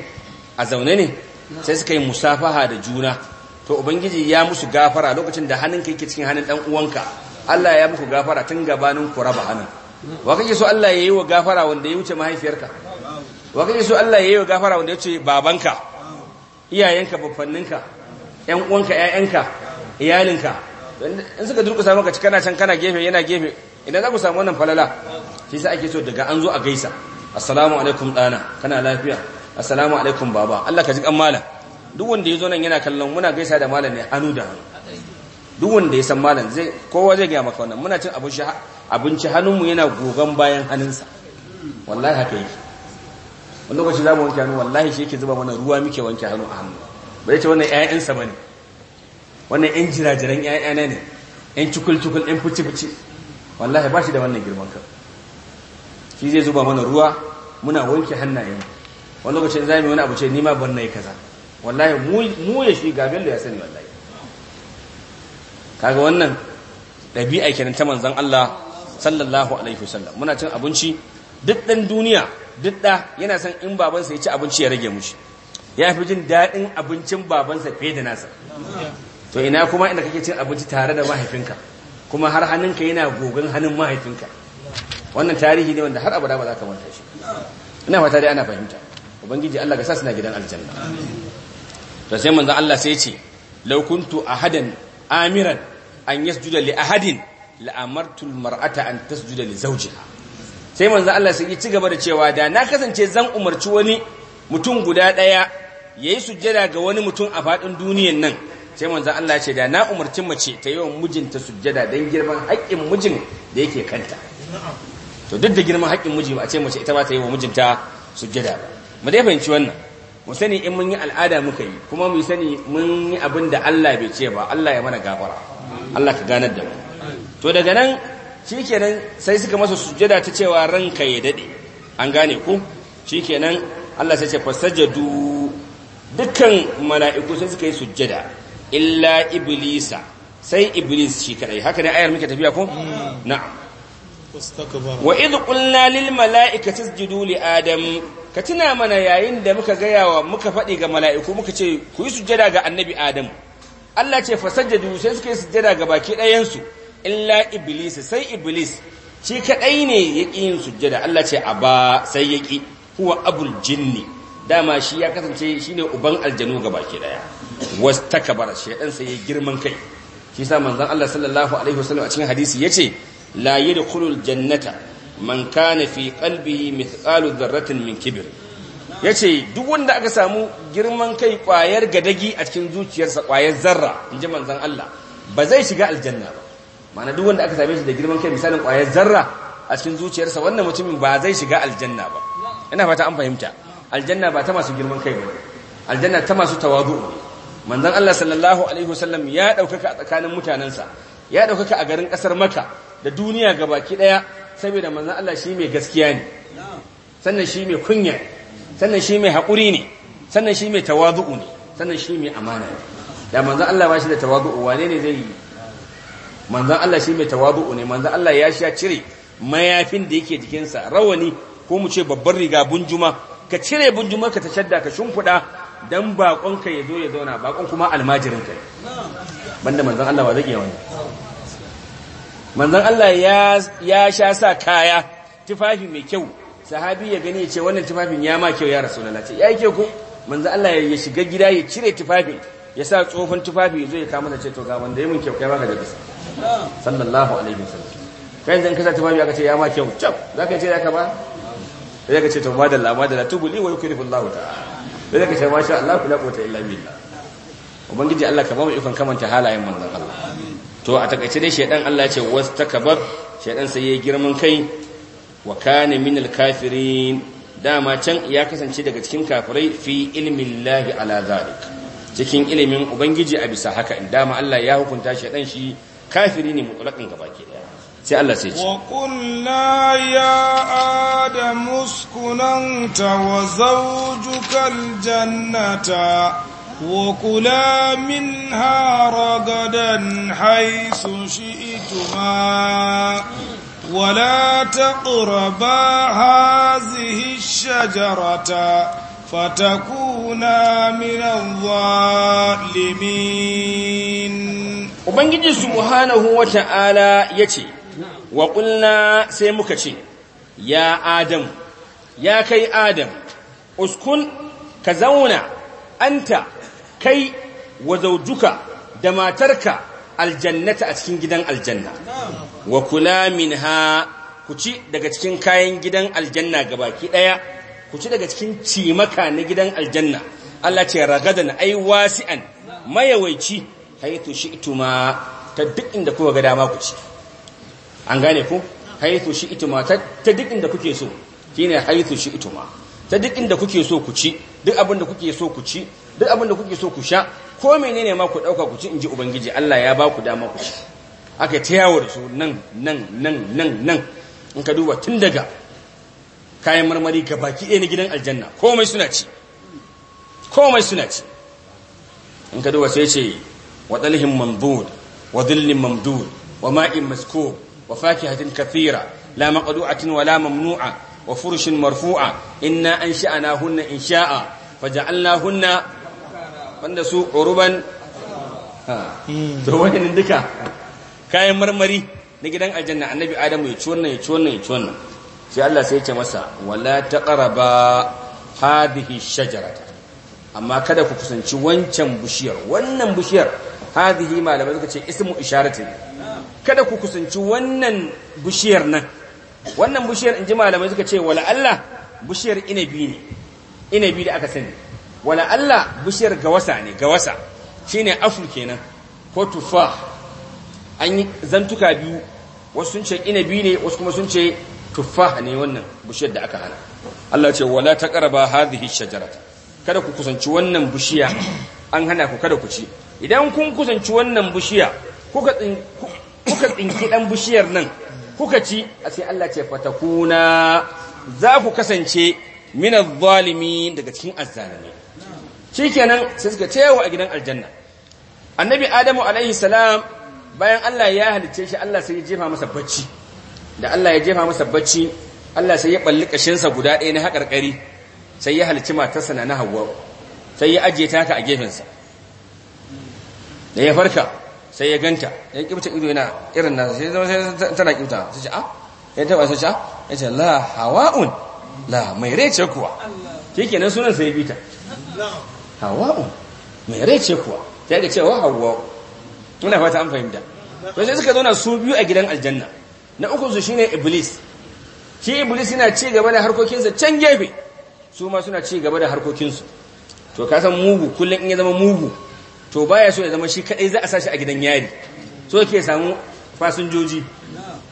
a zaune ne sai suka yi musafaha da juna to ubangiji ya musu gafara lokacin da hannunka yake cikin hannun dan uwanka Allah ya muku gafara tun gabanin ku raba hannun wa kake so Allah ya yi wa gafara wanda ya wuce mahaifiyarka wa kake so Allah ya yi wa gafara wanda ya wuce babanka iyayenka babbanninka yan uwanka yayanka iyalinka in suka durkusa maka cikana can kana gefe yana gefe idan za ku samu wannan falala shi sai ake so daga an zo a gaisa assalamu alaikum dana kana lafiya assalamu alaikum baba Allah ka ji kan malam duk wanda ya zo nan yana kallon muna gaisa da malam ne anu da duk wanda ya san malam zai kowa zai gaya maka wannan muna cin abinci abinci hannunmu yana gogon bayan hannunsa wallahi haka yake wani ko za mu wanke hannu wallahi shi yake zuba mana ruwa muke wanke hannu a hannu bai ce wannan ƴaƴansa ba ne wannan ƴan jirajiran ƴaƴana ne ƴan cikul-cikul ƴan fici-fici wallahi ba shi da wannan girman kan shi zai zuba mana ruwa muna wanke hannayen wani lokacin za mu wani abu ce nima ban nayi kaza wallahi mu ya shi ga bello ya sani wallahi kaga wannan ɗabi'a kenan ta manzan Allah sallallahu alaihi wasallam muna cin abinci duk ɗan duniya duk ɗa yana son in babansa ya ci abinci ya rage mushi ya fi jin daɗin abincin babansa fiye da nasa to ina kuma inda kake cin abinci tare da mahaifinka kuma har hannunka yana gogon hannun mahaifinka wannan tarihi ne wanda har abada ba za ka manta shi ina fata dai ana fahimta ubangiji Allah ka sa suna gidan aljanna to sai manzon Allah sai ya ce law kuntu ahadan amiran an yasjuda li ahadin la amartu almar'ata an tasjuda li zawjiha sai manzon Allah sai ya ci gaba da cewa da na kasance zan umarci wani mutum guda daya yayi sujjada ga wani mutum a fadin duniyan nan sai manzon Allah ya ce da na umarci mace ta yi wa mijinta sujjada dan girman haƙƙin mijin da yake kanta to duk da girman haƙƙin miji ba a ce mace ita ma ta yi wa mijinta sujjada ba mu dai fahimci wannan mu sani in mun yi al'ada muka yi kuma mu sani mun yi abin da Allah bai ce ba Allah ya mana gafara Allah ka ganar da mu to daga nan shikenan sai suka masa sujjada ta cewa ranka ya dade an gane ku shikenan Allah sai ce fasajadu dukkan mala'iku sai suka yi sujjada illa iblisa sai iblis shi kadai haka ne ayar muke tafiya ko mm. na'am wa idh qulna lil mala'ikati isjudu li adam ka tuna mana yayin da muka gaya wa muka faɗi ga mala'iku muka ce ku yi sujjada ga annabi adam Allah ce sajjadu sai suka yi sujjada ga baki ɗayansu illa iblis sai iblis shi kadai ne ya yin sujjada Allah ce a ba sai ya ki huwa abul jinni dama shi ya kasance shi uban aljanu ga baki ɗaya wasu takabar sai ya girman kai shi sa manzon Allah sallallahu alaihi wasallam a cikin hadisi ya ce la yadkhulul jannata man kana fi qalbihi mithqalu dharratin min kibr yace duk wanda aka samu girman kai kwayar gadagi a cikin zuciyarsa kwayar zarra in ji manzan Allah ba zai shiga aljanna ba mana duk wanda aka same shi da girman kai misalin kwayar zarra a cikin zuciyarsa wannan mutumin ba zai shiga aljanna ba ina fata an fahimta aljanna ba ta masu girman kai ba aljanna ta masu tawadu Manzan Allah sallallahu alaihi wasallam ya daukaka a tsakanin mutanansa ya daukaka a garin kasar Makka da duniya gabaki daya saboda manzon Allah shi mai gaskiya ne sannan shi mai kunya sannan shi mai haƙuri ne sannan shi mai tawazu'u ne sannan shi mai amana ne da manzon Allah ba shi da tawazu'u wane ne zai yi manzon Allah shi mai tawazu'u ne manzon Allah ya sha cire mayafin da yake jikinsa rawani ko mu ce babbar riga bunjuma ka cire bunjuma ka ta shadda ka shimfiɗa dan baƙonka ya zo ya zauna baƙon kuma almajirinka banda manzon Allah ba zai iya wani manzon Allah ya sha sa kaya tufafi mai kyau sahabi ya gani ya ce wannan tufafin ya ma kyau ya rasulullah ce ya yi kyau ko manzon Allah ya shiga gida ya cire tufafin ya sa tsohon tufafi ya zo ya kama da ce to wanda ya mun kyau kai baka da bisa sallallahu alaihi wasallam kai zan kasa tufafi aka ce ya ma kyau cak zaka ce zaka ba sai ka ce to madalla madalla tubuli wa yukrifu Allahu ta'ala sai zaka ce masha Allah la quwwata illa billah ubangiji Allah ka ba mu ikon kamanta halayen manzon Allah to a takaice dai shaidan Allah ya ce takabar shaidan sai yi girman kai wa kana min alkafirin dama can ya kasance daga cikin kafirai fi ilmin lahi ala zalik cikin ilimin ubangiji a bisa haka in dama Allah ya hukunta shaidan shi kafiri ne gaba ke daya sai Allah sai ce wa qulna ya adamu uskun wa zawjuka jannata. وكلا منها رغدا حيث شئتما ولا تقربا هذه الشجرة فتكونا من الظالمين Ubangiji subhanahu wa ta’ala ya ce, Wa sai muka ce, Ya Adam, ya kai Adam, uskun ka zauna, anta kai wa zaujuka da matarka aljannata a cikin gidan aljanna wa kula minha ku ci daga cikin kayan gidan aljanna gabaki daya ku ci daga cikin cimaka na gidan aljanna Allah ce ragadan ai wasi'an mayawaici haythu shi'tuma ta duk inda kuka ga dama ku ci an gane ku haythu shi'tuma ta duk inda kuke so shine haythu shi'tuma ta duk inda kuke so ku ci duk abin da kuke so ku ci duk abin da kuke so ku sha ko menene ma ku dauka ku ci inji ubangiji Allah ya ba ku dama ku ci aka ta yawo da su nan nan nan nan nan in ka duba tun daga kayan marmari ga baki ɗaya na gidan aljanna komai suna ci komai suna ci in ka duba sai ce wa dalhim mamdud wa dhillim mamdud wa ma'in maskub wa fakihatin kathira la maqdu'atin wa la mamnu'a wa furushin marfu'a inna ansha'nahunna insha'a faja'alnahunna banda su uruban to wannan duka kayan marmari na gidan aljanna annabi adamu ya ci ya ci ya ci sai Allah sai ya ce masa wala taqraba hadhihi shajarata amma kada ku kusanci wancan bishiyar wannan bishiyar hadhihi malamai suka ce ismu isharati kada ku kusanci wannan bishiyar nan wannan bishiyar inji malamai suka ce wala Allah bishiyar inabi ne inabi da aka sani wala Allah bishiyar gawasa ne gawasa shine aful kenan ko tufa an yi zantuka biyu wasu sun ce inabi ne wasu kuma sun ce tufa ne wannan bishiyar da aka hana Allah ce wala taqraba hadhihi shajarata kada ku kusanci wannan bishiya an hana ku kada ku ci idan kun kusanci wannan bishiya kuka kuka tsinki dan bishiyar nan kuka ci a sai Allah ce fatakuna za ku kasance min adh daga cikin azzalimi shikenan sai suka cewa a gidan aljanna annabi adamu alaihi salam bayan Allah ya halicce shi Allah sai ya jefa masa bacci da Allah ya jefa masa bacci Allah sai ya balli kashinsa guda ɗaya na haƙarƙari sai ya halicci matarsa na na hawa sai ya ajiye ta ta a gefensa da ya farka sai ya ganta ya kibta ido yana irin nan sai zama sai tana kibta sai ce ah? ya taba sai ce "Ah?" ya ce la hawa'un la mai ce kuwa kenan sunan sai ya ta hawa'u mai rai ce kuwa sai ga cewa hawa'u muna fata an fahimta to sai suka zauna su biyu a gidan aljanna na uku su shine iblis shi iblis yana ci gaba da harkokinsa can gefe su ma suna ci gaba da harkokinsu to ka san mugu kullum in ya zama mugu to baya so ya zama shi kadai za a sashi a gidan yari so ke samu fasinjoji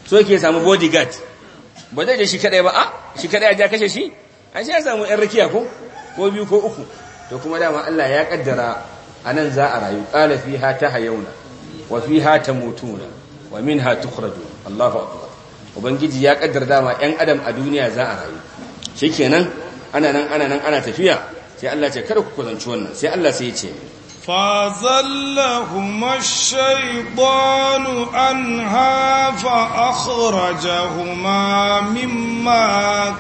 so ke samu bodyguard ba zai je shi kadai ba a ah, shi kadai a ja kashe shi an shi ya samu yan rakiya ko ko biyu ko uku to kuma dama Allah ya kaddara anan za a rayu qala fiha tahayuna wa fiha tamutuna wa minha tukhrajun Allahu akbar ubangiji ya kaddara dama ɗan adam a duniya za a rayu shikenan ana nan ana nan ana tafiya sai Allah ce kada ku kuzanci wannan sai Allah sai ya ce فَزَلَّهُمَا الشَّيْطَانُ أَنْهَا فَأَخْرَجَهُمَا مِمَّا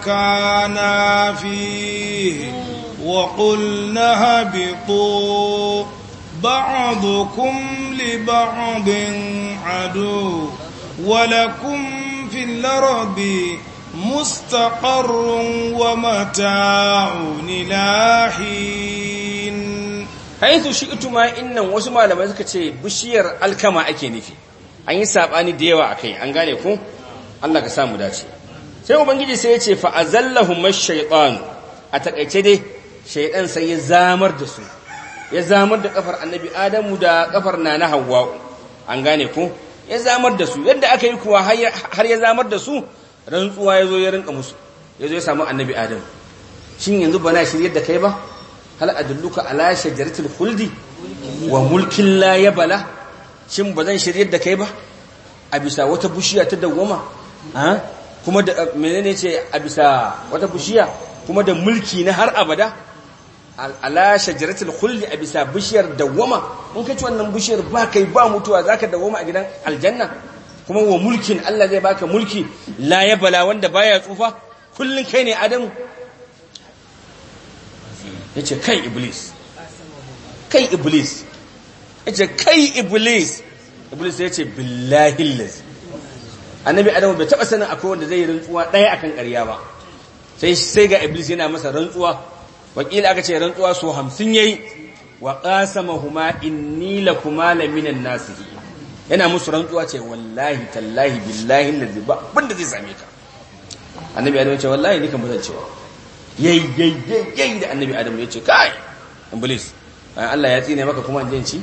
كَانَا فِيهِ وقلنا هبطوا بعضكم لبعض عدو ولكم في الأرض مستقر ومتاع إلى حين حيث شئتما إن وسما لما ذكرت بشير الكما أكي نفي an yi saɓani da yawa a kai an gane ku Allah ka samu dace sai ubangiji sai ya ce fa azallahum a takaice dai shaidan sai ya zamar da su ya zamar da kafar annabi adamu da kafar nana hawwa'u an gane ko ya zamar da su yadda aka yi kuwa har ya zamar da su rantsuwa ya zo ya rinka musu ya zo ya samu annabi adamu shin yanzu na shirya da kai ba hal adulluka ala shajaratul khuldi wa mulkin la yabala shin ba zan shirya da kai ba a bisa wata bushiya ta dawwama kuma da menene ce a bisa wata bushiya kuma da mulki na har abada ala shajaratul khuldi a bisa bishiyar dawwama in kace wannan bishiyar ba kai ba mutuwa zaka dawwama a gidan aljanna kuma wa mulkin Allah zai baka mulki la ya bala wanda baya tsufa kullun kai ne adamu yace kai iblis kai iblis yace kai iblis iblis yace billahi allazi annabi adamu bai taba sanin akwai wanda zai yi rantsuwa daya akan ƙarya ba sai sai ga iblis yana masa rantsuwa wakila aka ce rantsuwa so hamsin yayi wa huma inni lakuma laminan nasihi yana musu rantsuwa ce wallahi tallahi billahi allazi ba banda zai same ka annabi adam ya ce wallahi ni kan bazan cewa yayi yayi yayi da annabi adam ya ce kai iblis Allah ya tsine maka kuma in ci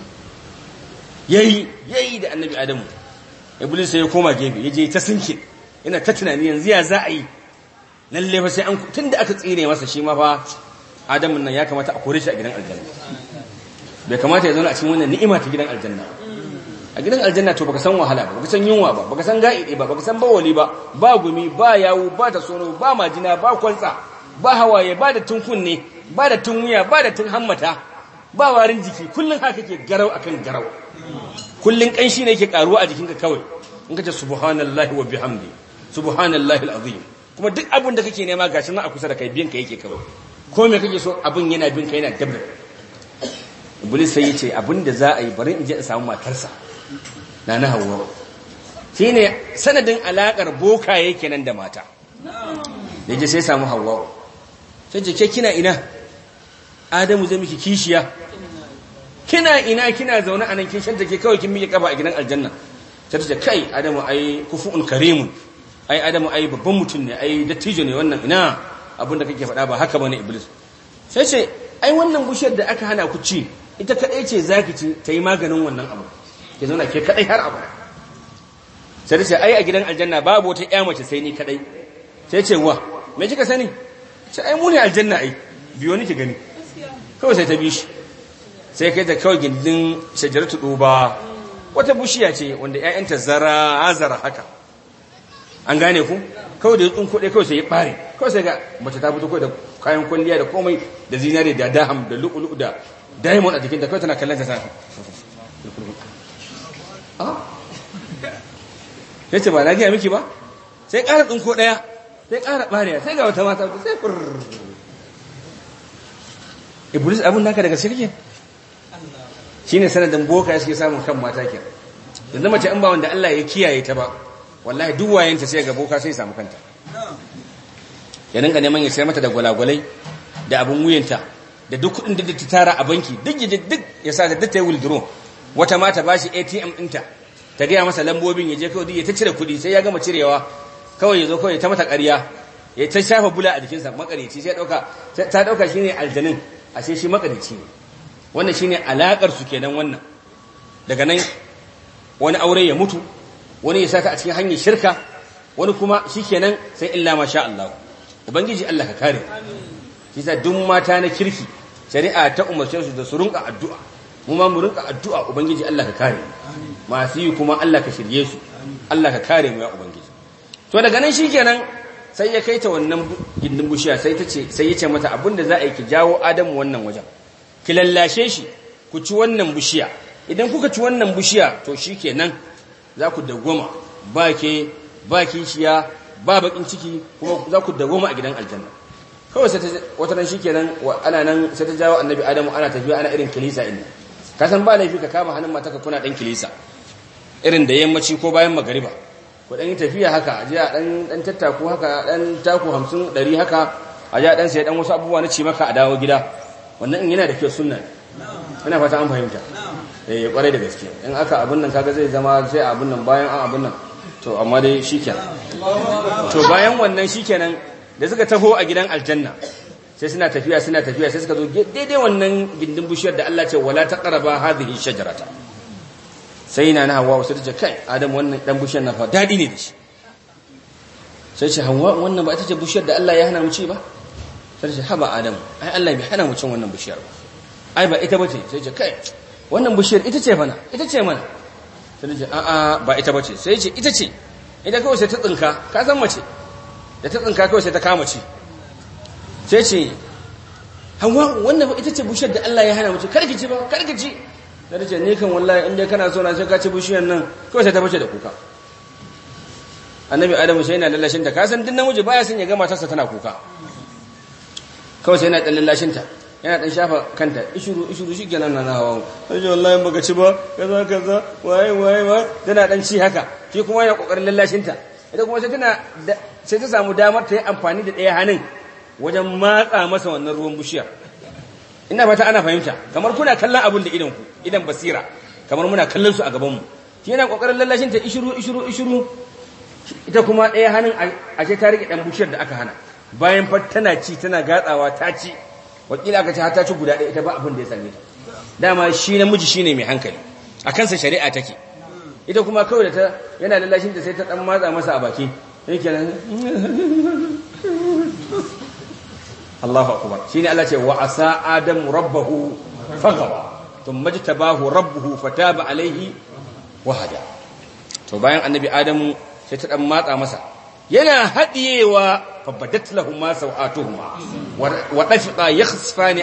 yayi yayi da annabi adamu iblis sai ya koma gefe ya je ta sinkin yana ta tunani yanzu ya za a yi lalle fa sai an tunda aka tsine masa shi ma fa adamun nan ya kamata a kore shi a gidan aljanna bai kamata ya zauna a cikin wannan ni'ima ta gidan aljanna a gidan aljanna to baka san wahala ba baka san yunwa ba baka san ga'ide ba baka san bawali ba ba gumi ba yawo ba ta sono ba majina ba kwantsa ba hawaye ba da tunkunne ba da tunwiya ba da tun hammata ba warin jiki kullun haka ke garau akan garau kullun kanshi ne yake karuwa a jikinka kawai in ka ce subhanallahi wa bihamdi subhanallahi alazim kuma duk abin da kake nema gashi na a kusa da kai biyan ka yake kawai ko me kake so abin yana bin ka yana dabda iblis sai yace abin da za a yi bari in je in samu matarsa na na hawa shine sanadin alakar boka yake nan da mata yaje sai samu hawa sai ce ke kina ina adamu zai miki kishiya kina ina kina zaune a nan kin shanta ke kawai kin miki kafa a gidan aljanna sai ta ce kai adamu ai kufu'un karimun ai adamu ai babban mutum ne ai dattijo ne wannan ina abinda kake faɗa ba haka bane iblis sai ce ai wannan bishiyar da aka hana ku ci ita kadai ce zaki ci ta yi maganin wannan abu ke zauna ke kadai har abu sai ce ai a gidan aljanna babu wata ƴa mace sai ni kadai sai ce wa me kika sani ce ai mu ne aljanna ai biyo ni ki gani kawai sai ta bi shi sai kai ta kawai gindin shajaratu duba wata bushiya ce wanda ƴaƴanta zara azara haka an gane ku kawai da tsun kuɗe kawai sai ya ɓare kawai sai ga mace ta fito kawai da kayan kwalliya da komai da zinare da daham da lu'ulu'u da diamond a jikinta kawai tana kallon ta sana ah? ya ce ba na miki ba sai ƙara tsunko ɗaya sai ƙara ɓariya sai ga wata mata sai kurr iblis abin naka daga sirki shine sanadin boka suke samun kan mata ke yanzu mace an ba wanda Allah ya kiyaye ta ba wallahi duk ta sai ga boka sai samu kanta ya dinga neman ya sayar mata da gwalagwalai da abin wuyanta da duk kudin da ta tara a banki duk ya duk ya sa da ta yi wata mata bashi ATM ɗinta ta gaya masa lambobin ya je kawai duk ya ta cire kuɗi sai ya gama cirewa kawai ya zo kawai ta mata ƙarya ya ta shafa bula a jikinsa makareci sai dauka ta ɗauka shine aljanin aljanin ashe shi makareci ne wannan shine alakar su kenan wannan daga nan wani aure ya mutu wani ya saka a cikin hanyar shirka wani kuma shikenan sai illa sha Allah ubangiji Allah ka kare shi sa duk mata na kirki shari'a ta umarce su da su rinka addu'a mu ma mu rinka addu'a ubangiji Allah ka kare masu yi kuma Allah ka shirye su Allah ka kare mu ya ubangiji to daga nan shikenan sai ya kai ta wannan gindin bushiya sai ta ce sai ya ce mata abinda za a yi ki jawo Adamu wannan wajen ki lallashe shi ku ci wannan bushiya idan kuka ci wannan bushiya to shikenan za ku dawwama ba ke ba kishiya ba bakin ciki kuma za ku goma a gidan aljanna kawai sai wata nan shikenan ana nan sai ta jawo annabi adamu ana tafiya ana irin kilisa inda ka san ba laifi ka kama hannun mataka kuna dan kilisa irin da yammaci ko bayan magariba ku dan tafiya haka a jiya dan dan tattaku haka dan taku 50 100 haka a jiya dan sai dan wasu abubuwa na ci maka a dawo gida wannan in yana da kyau sunna ina fata an fahimta ya eh, kwarai da gaske in aka abin nan kaga zai zama sai abin nan bayan an abin nan to amma dai shikenan to bayan wannan shikenan da suka taho a gidan aljanna sai suna tafiya suna tafiya sai suka zo daidai wannan gindin bishiyar da Allah ce wala taqraba hadhihi shajarata sai na na hawa sai ta kai adam wannan dan bishiyar na fa dadi ne dashi sai ce hawa wannan ba ita ce bishiyar da Allah ya hana mu ci ba sai ce haba adam ai Allah bai hana mu cin wannan bishiyar ba ai ba ita bace sai ce kai wannan bishiyar ita ce mana ita ce mana sai ce a'a ba ita bace sai ce ita ce ita kawai sai ta tsinka ka san mace da ta tsinka kawai sai ta kama ce sai ce hawa wannan ita ce bishiyar da Allah ya hana mace karki ci ba karki ci sai ce ni kan wallahi in dai kana so na sai ka ci bishiyar nan kawai sai ta bace da kuka annabi adamu sai yana lallashin ta ka san duk namiji baya son ya ga matarsa tana kuka kawai sai yana lallashin ta yana dan shafa kanta ishuru ishuru shi kenan na nawa sai wallahi baka ci ba kaza kaza waye waye ba tana dan ci haka shi kuma yana kokarin lallashin ta ita kuma sai tana sai ta samu damar ta yi amfani da ɗaya hannun wajen matsa masa wannan ruwan bushiyar. ina fata ana fahimta kamar kuna kallon abin da idan ku idan basira kamar muna kallon su a gaban mu shi yana kokarin lallashin ta ishuru ishuru ishuru ita kuma ɗaya hannun a ce ta rike dan bushiyar da aka hana bayan fa tana ci tana gatsawa ta ci wakila ka ce hata ci guda ɗaya ita ba abin da ya same ta dama shi namiji ne mai hankali a kansa shari'a take ita kuma kawai da ta yana lallashin da sai ta ɗan matsa masa a baki yake nan Allahu akbar shine Allah ce wa asa adamu rabbahu fagawa thumma jtabahu rabbuhu fataba alaihi wa hada to bayan annabi adamu sai ta dan matsa masa yana hadiyewa lahum ma sawatuhuma wa dafita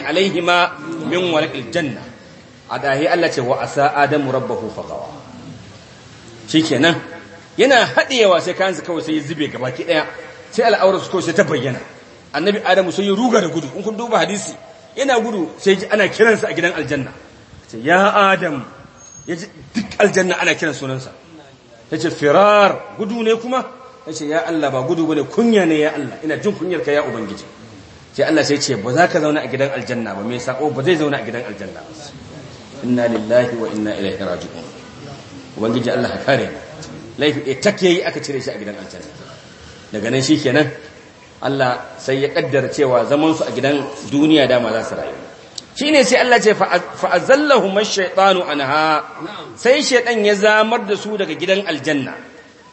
alaihi ma min walqil janna adahi Allah ce wa asa adamu rabbahu shi kenan yana hadiyewa sai kayansa kawai sai zube gabaki daya sai al'aurar su kawai sai ta bayyana annabi adamu sai ya ruga da gudu in kun duba hadisi yana gudu sai ana kiransa a gidan aljanna ce ya adam ya ji duk aljanna ana kiran sunansa ya ce firar gudu ne kuma ya ce ya Allah ba gudu ba ne kunya ne ya Allah ina jin kunyar ka ya ubangiji sai Allah sai ce ba za ka zauna a gidan aljanna ba mai sako ba zai zauna a gidan aljanna inna lillahi wa inna ilaihi raji'un ubangiji Allah ka kare laifi ɗaya tak yayi aka cire shi a gidan aljanna daga nan shikenan Allah sai ya kaddara cewa zaman su a gidan duniya dama za su rayu shine sai Allah ce fa azallahum ash-shaytanu anha sai shaytan ya zamar da su daga gidan aljanna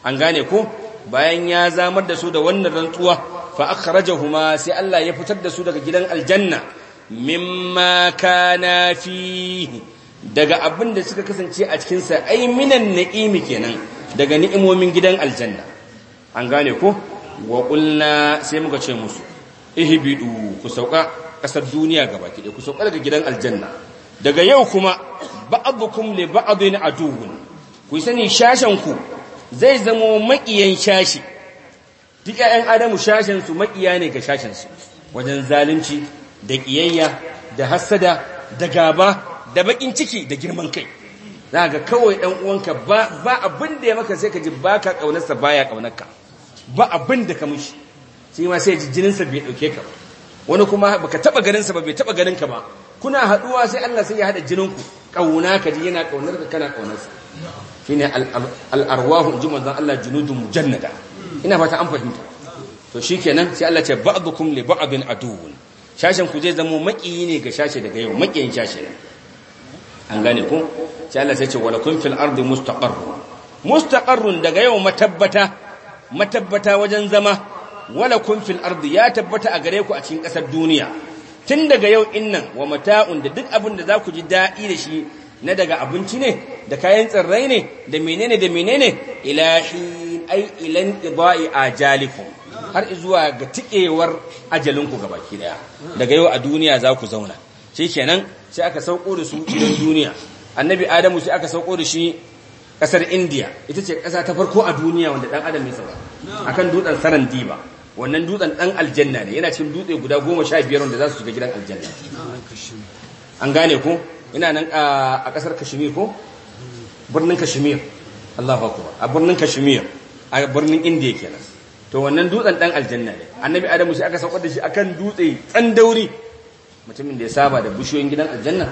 an gane ko bayan ya zamar da su da wannan rantsuwa fa sai Allah ya fitar da su daga gidan aljanna mimma kana fihi daga abin da suka kasance a cikin ai minan na'imi kenan daga ni'imomin gidan aljanna an gane ko wa sai muka ce musu ihbidu ku sauka ƙasar duniya gabaki ku sauka daga gidan aljanna daga yau kuma ba'dukum li ba'din aduwwun ku sani shashanku ku zai zamo maƙiyan shashi duk ƴaƴan adamu shashensu maƙiya ne ga shashensu. wajen zalunci da ƙiyayya da hassada da gaba da baƙin ciki da girman kai za ga kawai ɗan uwanka ba abin da ya maka sai ka ji ba ka ƙaunarsa ba ya ƙaunarka ba abin da ka mushi shi ma sai ji jininsa bai ɗauke ka wani kuma ba ka taɓa ganinsa ba bai taɓa ganinka ba kuna haɗuwa sai Allah sai ya haɗa jininku ƙauna ka ji yana ƙaunar kana ƙaunarsa ne al'arwahu in ji manzon Allah junudun mujannada ina fata an fahimta to shikenan sai Allah ce ba'dukum li ba'din aduwun shashin ku zai zama makiyi ne ga shashi daga yau makiyin shashi an gane ku sai Allah sai ce walakum fil ardi mustaqarr mustaqarr daga yau matabbata matabbata wajen zama walakum fil ardi ya tabbata a gare ku a cikin kasar duniya tun daga yau innan wa mata'un da duk abin da za ku ji daɗi da shi na daga abinci ne da kayan tsirrai ne da menene da menene ilahi ai ilan a jaliku har zuwa ga tikewar ajalinku gabaki daya daga yau a duniya za ku zauna kenan sai aka sauko da su gidan duniya annabi adamu sai aka sauko da shi kasar Indiya ita ce kasa ta farko a duniya wanda dan adam ya sauka akan dutsen sarandiba wannan dutsen dan aljanna ne yana cikin dutse guda goma sha biyar wanda za su shiga gidan aljanna an gane ko ina nan a kasar kashmir ko birnin kashmir allahu akbar a birnin kashmir a birnin indiya kenan to wannan dutsen dan aljanna ne annabi adamu shi aka saukar da shi akan dutse dauri mutumin da ya saba da bushiyoyin gidan aljanna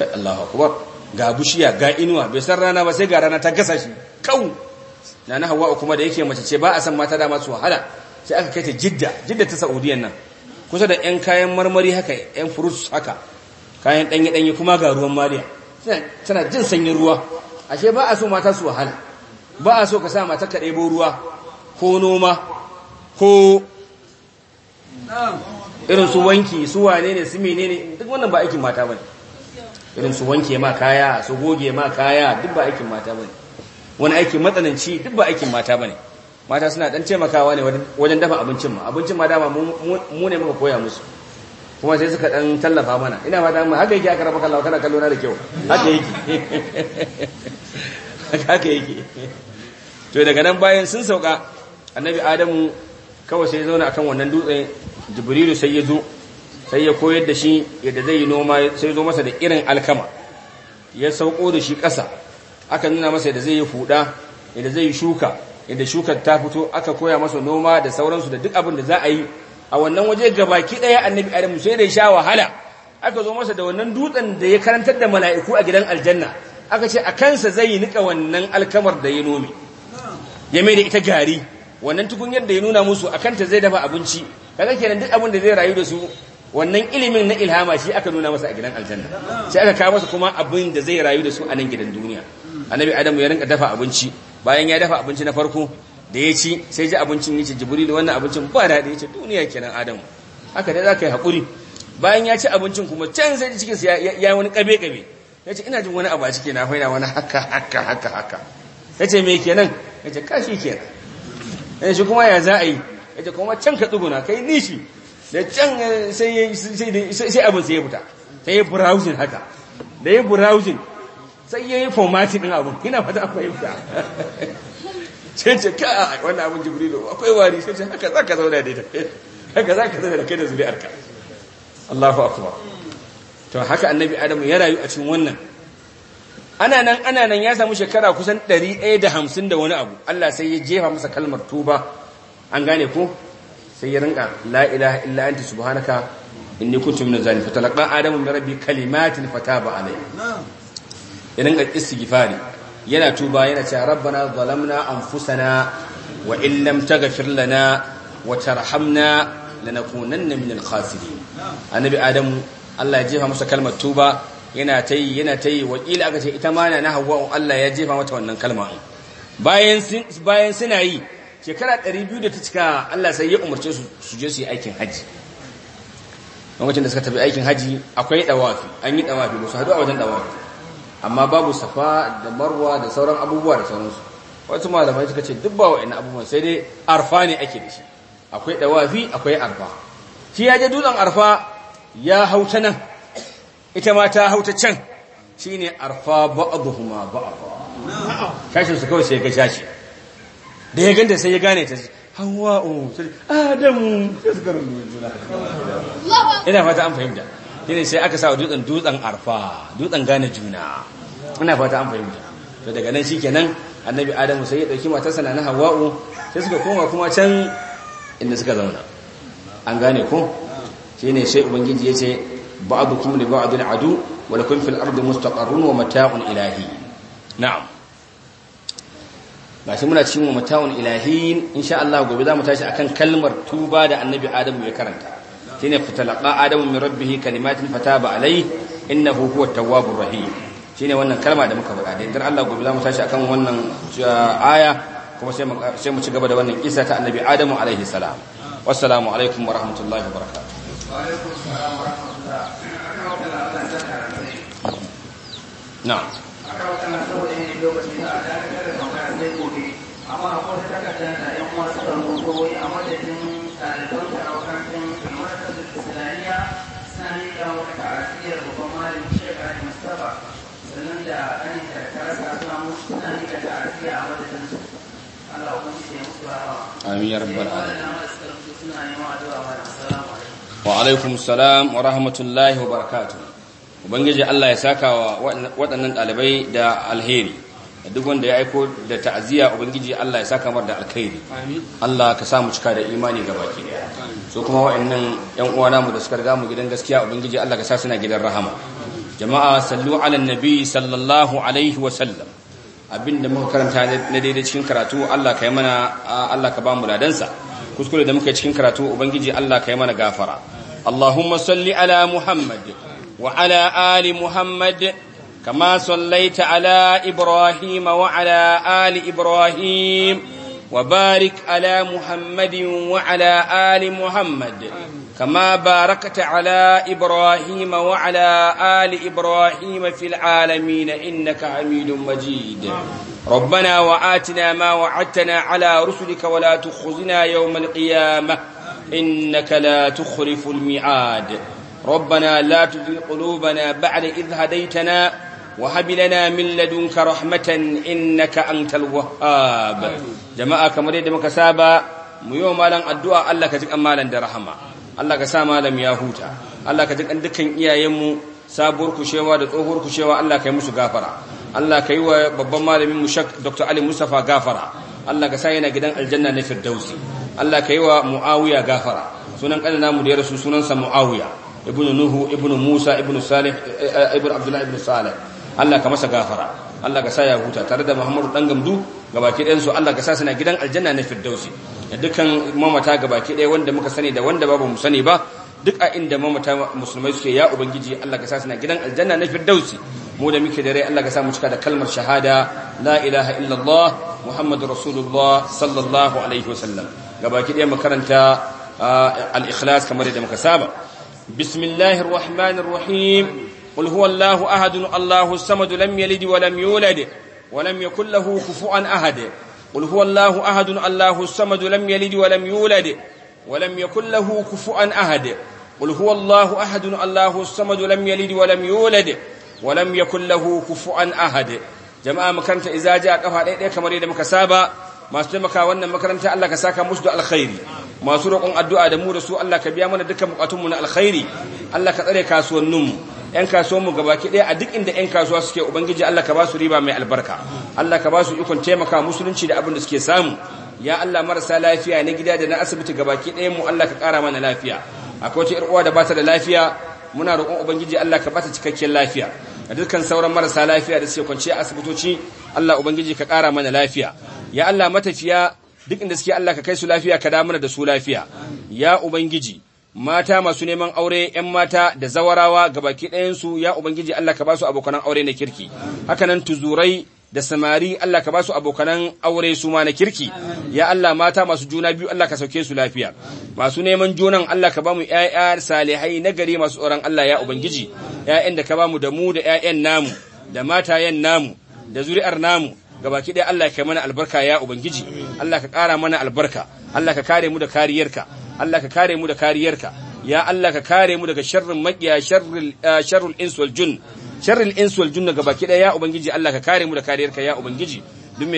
kai Allahu akbar ga bushiya ga inuwa bai san rana ba sai ga rana ta gasa shi kau na hawa kuma da yake mace ce ba a san mata da masu wahala sai aka kai ta jidda jidda ta saudiyan nan kusa da yan kayan marmari haka yan fruits haka kayan danye danye kuma ga ruwan mariya tana jin sanyin ruwa ashe ba a so mata su wahala ba a so ka sa mata kaɗe ɗebo ruwa ko noma ko irin su wanki su wane ne su mene ne duk wannan ba aikin mata bane irin su wanke ma kaya su goge ma kaya duk ba aikin mata bane wani aikin matsananci duk ba aikin mata bane mata suna dan taimakawa ne wajen dafa abincin ma abincin ma dama mu ne muka koya musu kuma sai suka dan tallafa mana ina fata mu haka yake aka rabaka Allah kana kallo na da kyau haka yake haka yake to daga nan bayan sun sauka annabi adamu kawai sai zauna akan wannan dutse jibrilu sai ya zo sai ya koyar da shi yadda zai yi noma sai zo masa da irin alkama ya sauko da shi ƙasa aka nuna masa yadda zai yi huda yadda zai yi shuka yadda shukar ta fito aka koya masa noma da sauransu da duk abin da za a yi a wannan waje gabaki daya annabi adamu sai da ya sha wahala aka zo masa da wannan dutsen da ya karantar da mala'iku a gidan aljanna aka ce a kansa zai nika wannan alkamar da ya nome ya mai da ita gari wannan tukunyar da ya nuna musu a kanta zai dafa abinci kaga kenan duk abin da zai rayu da su wannan ilimin na ilhama shi aka nuna masa a gidan aljanna sai aka kawo masa kuma abin da zai rayu da su a nan gidan duniya annabi adamu ya rinka dafa abinci bayan ya dafa abinci na farko da ya ci sai ji abincin yace jibril wannan abincin ba daɗi ce duniya kenan adamu haka dai ka yi hakuri bayan ya ci abincin kuma can sai cikin sa ya wani ƙabe ya ce ina jin wani abu a ciki na faina wani haka haka haka haka ce me kenan ce kashi kenan ce kuma ya za a yi ce kuma can ka tsuguna yi nishi da can eh, sai sai abin sai ya fita sai ya browsing haka da ya browsing sai ya yi formatting din abin ina fata akwai fita sai ce ka wannan abin jibrilu akwai wari sai ce haka za ka zauna da ita haka za ka zauna da kai da zuri'arka Allahu akbar to haka annabi adamu ya rayu a cikin wannan ana nan ana nan ya samu shekara kusan 150 da wani abu Allah sai ya jefa masa kalmar tuba an gane ko sai ya rinka la ilaha illa anta subhanaka inni kuntu minaz zalimin fatalaqa adamu min rabbi kalimatin fataba alayhi ya rinka istighfari yana tuba yana cewa rabbana zalamna anfusana wa in lam taghfir lana wa tarhamna lanakunanna min al-khasirin annabi adam Allah ya jefa masa kalmar tuba yana tayi yana tayi wakila aka ce ita ma na hawa Allah ya jefa mata wannan kalma bayan bayan suna yi shekara 200 da ta cika Allah sai ya umarce su su je su yi aikin haji lokacin da suka tafi aikin haji akwai dawafi an yi dawafi ba su hadu a wajen dawafi amma babu safa da marwa da sauran abubuwa da sauransu wasu malamai suka ce duk ba wa'annan abubuwan sai dai arfa ne ake da shi akwai dawafi akwai arfa shi ya je dutsen arfa ya hauta nan ita ma ta hauta can shine arfa ba'dhuma ba'dha shashin su kawai sai ga shashi da ya ganta sai ya gane ta hawa'u adamu sai su garin juna ina fata an fahimta shine sai aka sa dutsen dutsen arfa dutsen gane juna ina fata an fahimta to daga nan shikenan annabi adamu sai ya dauki matarsa na hawa'u sai suka koma kuma can inda suka zauna an gane ko ne sai ubangiji yace ba'dukum li na adu wa lakum da ardi mustaqarrun wa mata'un ilahi na'am shi muna cikin mata'un ilahi insha Allah gobe za mu tashi akan kalmar tuba da annabi adamu ya karanta shine fatalaqa adamu min rabbih kalimatin fataba alayhi innahu huwa tawwabur rahim shine wannan kalma da muka faɗa da idan Allah gobe za mu tashi akan wannan uh, aya kuma sai mu ci gaba da wannan kisa ta annabi adamu alaihi salam wassalamu alaikum wa rahmatullahi wa barakatuh amma akwai takardar da yan uwa suka a madadin ɗaliban uh, wa alaikum salam wa rahmatullahi wa barakatuh ubangiji Allah ya saka wa waɗannan ɗalibai da alheri duk wanda ya aiko da ta'aziyya ubangiji Allah ya saka mar da alkhairi Allah ka sa mu cika da imani ga baki so kuma wa'annan yan uwa namu da suka riga mu gidan gaskiya ubangiji Allah ka sa suna gidan rahama jama'a sallu ala nabi sallallahu alaihi wasallam abinda muka karanta na daidai cikin karatu Allah ka yi mana Allah ka ladansa kuskure da muka cikin karatu ubangiji Allah ka yi mana gafara Allahumma salli ala Muhammad wa ala ali Muhammad kama sallaita ala Ibrahim wa ala ali Ibrahim wa barik ala Muhammadin wa ala ali Muhammad كما باركت على إبراهيم وعلى آل إبراهيم في العالمين إنك حميد مجيد ربنا وآتنا ما وعدتنا على رسلك ولا تخزنا يوم القيامة إنك لا تخلف الميعاد ربنا لا تزغ قلوبنا بعد إذ هديتنا وهب لنا من لدنك رحمة إنك أنت الوهاب جماعة كما مكسابا ميوم مالا wa malam addu'a Allah ka Allah ka sa malam ya huta Allah ka jikan dukkan iyayenmu sabuwar kushewa da tsohuwar kushewa Allah ka yi musu gafara Allah ka yi wa babban malamin mu Shak Dr. Ali Mustafa gafara Allah ka sa yana gidan aljanna na firdausi Allah ka yi wa Muawiya gafara sunan kanin namu da ya rasu sunansa Muawiya ibnu Nuhu ibnu Musa ibnu Salih eh, ibn Abdullah ibn Salih Allah ka masa gafara Allah ka sa ya huta tare da Muhammadu dan Gamdu gabaki ɗayan su Allah ka sa suna gidan aljanna na firdausi da dukkan mamata gabaki ɗaya wanda muka sani da wanda babu mu sani ba duk a inda mamata musulmai suke ya ubangiji Allah ka sa suna gidan aljanna na firdausi mu da muke da rai Allah ka sa mu cika da kalmar shahada la ilaha illallah muhammadur rasulullah sallallahu alaihi wasallam gabaki ɗaya makaranta al-ikhlas kamar yadda muka saba bismillahir rahmanir rahim qul huwallahu ahad allahu samad lam yalid wa lam yulad wa lam yakul lahu kufuwan قل هو الله أحد الله الصمد لم يلد ولم يولد ولم يكن له كفؤا أحد قل هو الله أحد الله الصمد لم يلد ولم يولد ولم يكن له كفؤا أحد jama'a makaranta iza ja kafa ɗaya ɗaya kamar yadda muka saba masu taimaka wannan makaranta Allah ka saka musu da alkhairi masu roƙon addu'a da mu da su Allah ka biya mana dukkan buƙatunmu na alkhairi Allah ka tsare kasuwanninmu 'yan kasuwan mu gabaki ɗaya a duk inda 'yan kasuwa suke ubangiji Allah ka ba su riba mai albarka Allah ka ba su ikon taimaka musulunci da abin da suke samu ya Allah marasa lafiya na gida da na asibiti gabaki daya mu Allah ka kara mana lafiya akwai wata uwa da bata da lafiya muna roƙon ubangiji Allah ka ba ta cikakken lafiya da dukkan sauran marasa lafiya da suke kwanciya asibitoci Allah ubangiji ka ƙara mana lafiya ya Allah matafiya duk inda suke Allah ka kai su lafiya ka da mana da su lafiya ya ubangiji mata masu neman aure ‘yan mata da zawarawa ga baki ɗayansu ya Ubangiji Allah ka ba su abokanan aure na kirki, hakanan tuzurai da samari Allah ka ba su abokanan aure su ma na kirki, ya Allah mata masu juna biyu Allah ka sauke su lafiya, masu neman junan Allah ka ba mu ‘ya'ya salihai na gari masu tsoron Allah ya Ubangiji, ‘ya'yan da ka ba mu da mu da ‘ya'yan namu, da matayen namu, da zuri'ar namu, gabaki ɗaya Allah ka mana albarka ya Ubangiji, Allah ka ƙara mana albarka, Allah ka kare mu da kariyarka. Allah ka kare mu da kariyarka ya Allah ka kare mu daga sharrin makiya sharrul eh, sharrul ins wal jun sharrul ins wal jun daga baki daya ya ubangiji Allah ka kare mu da kariyarka ya ubangiji duk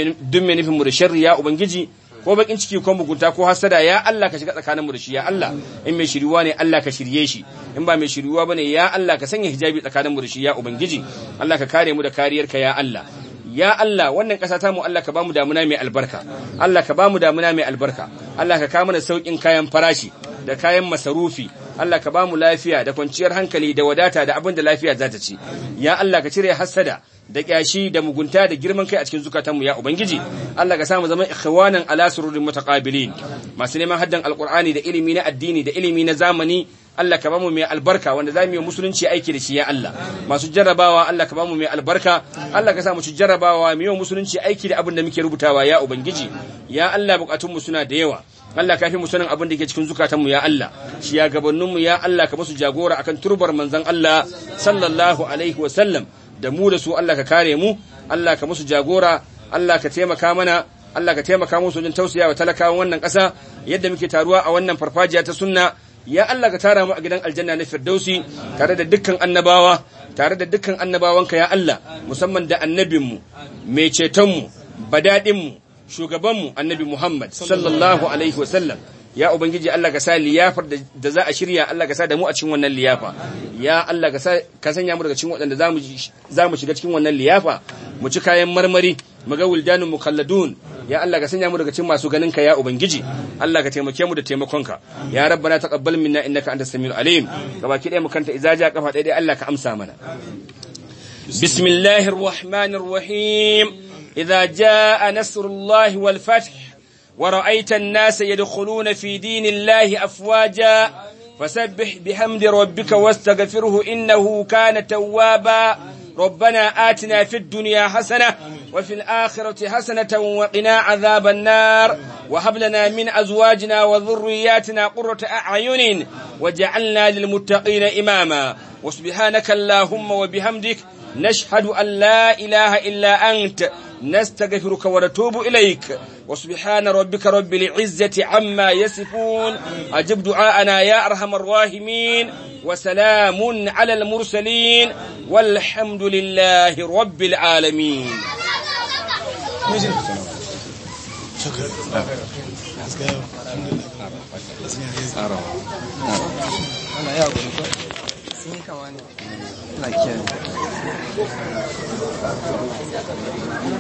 me nufin mu da sharri ya ubangiji ko bakin ciki ko mugunta ko hasada ya Allah ka shiga tsakanin mu da shi ya Allah in mai shiriwa ne Allah ka shirye shi in ba mai shiriwa bane ya Allah ka sanya hijabi tsakanin mu da shi ya ubangiji Allah ka kare mu da kariyarka ya Allah ya Allah wannan ƙasa ta mu Allah ka bamu damuna mai albarka Allah ka bamu damuna mai albarka Allah ka kawo mana saukin kayan farashi da kayan masarufi Allah ka bamu lafiya da kwanciyar hankali da wadata da abin da lafiya za ta ci ya Allah ka cire hassada da ƙyashi da mugunta da girman kai a cikin mu ya ubangiji Allah ka samu zaman ikhwanan ala sururin mutaqabilin masu neman haddan alqur'ani da ilimi na addini da ilimi na zamani Allah ka bamu mai albarka wanda za mu yi musulunci aiki da shi ya Allah masu jarrabawa Allah ka bamu mai albarka Allah ka sa mu ci jarrabawa mu yi musulunci aiki da abin da muke rubutawa ya ubangiji ya Allah bukatunmu suna da yawa Allah ka fi mu sanin abin da ke cikin zukatanmu ya Allah shi ya gabaninmu ya Allah ka basu jagora akan turbar manzon Allah sallallahu alaihi wa sallam da mu da su Allah ka kare mu Allah ka musu jagora Allah ka taimaka mana Allah ka taimaka musu wajen tausayawa talakawan wannan ƙasa yadda muke taruwa a wannan farfajiya ta sunna ya Allah ka tara mu a gidan aljanna na firdausi tare da dukkan annabawa tare da dukkan annabawanka ya Allah musamman da annabinmu mai cetonmu badadinmu shugabanmu annabi Muhammad sallallahu alaihi wasallam ya ubangiji Allah ka sa liyafar da za a shirya Allah ka sa da mu a cikin wannan liyafa ya Allah ka sa ka sanya mu daga cikin waɗanda za mu shiga cikin wannan liyafa mu ci kayan marmari mu ga wildanun mukhalladun ya Allah ka sanya mu daga cikin masu ganin ka ya ubangiji Allah ka taimake mu da taimakon ka ya rabbana taqabbal minna innaka antas samiul alim gabaki ɗaya mu kanta izaja kafa ɗaya Allah ka amsa mana bismillahir rahmanir rahim idza jaa nasrullahi wal fath ورأيت الناس يدخلون في دين الله أفواجا فسبح بحمد ربك innahu kana كان توابا ربنا آتنا في الدنيا حسنة وفي الآخرة حسنة وقنا عذاب النار وهب لنا من أزواجنا وذرياتنا قرة أعين وجعلنا للمتقين إماما وسبحانك اللهم وبحمدك نشهد أن لا إله إلا أنت نستغفرك ونتوب إليك وسبحان ربك رب العزة عما يصفون أجب دعاءنا يا أرحم الراحمين وسلام على المرسلين والحمد لله رب العالمين شكرا Thank you.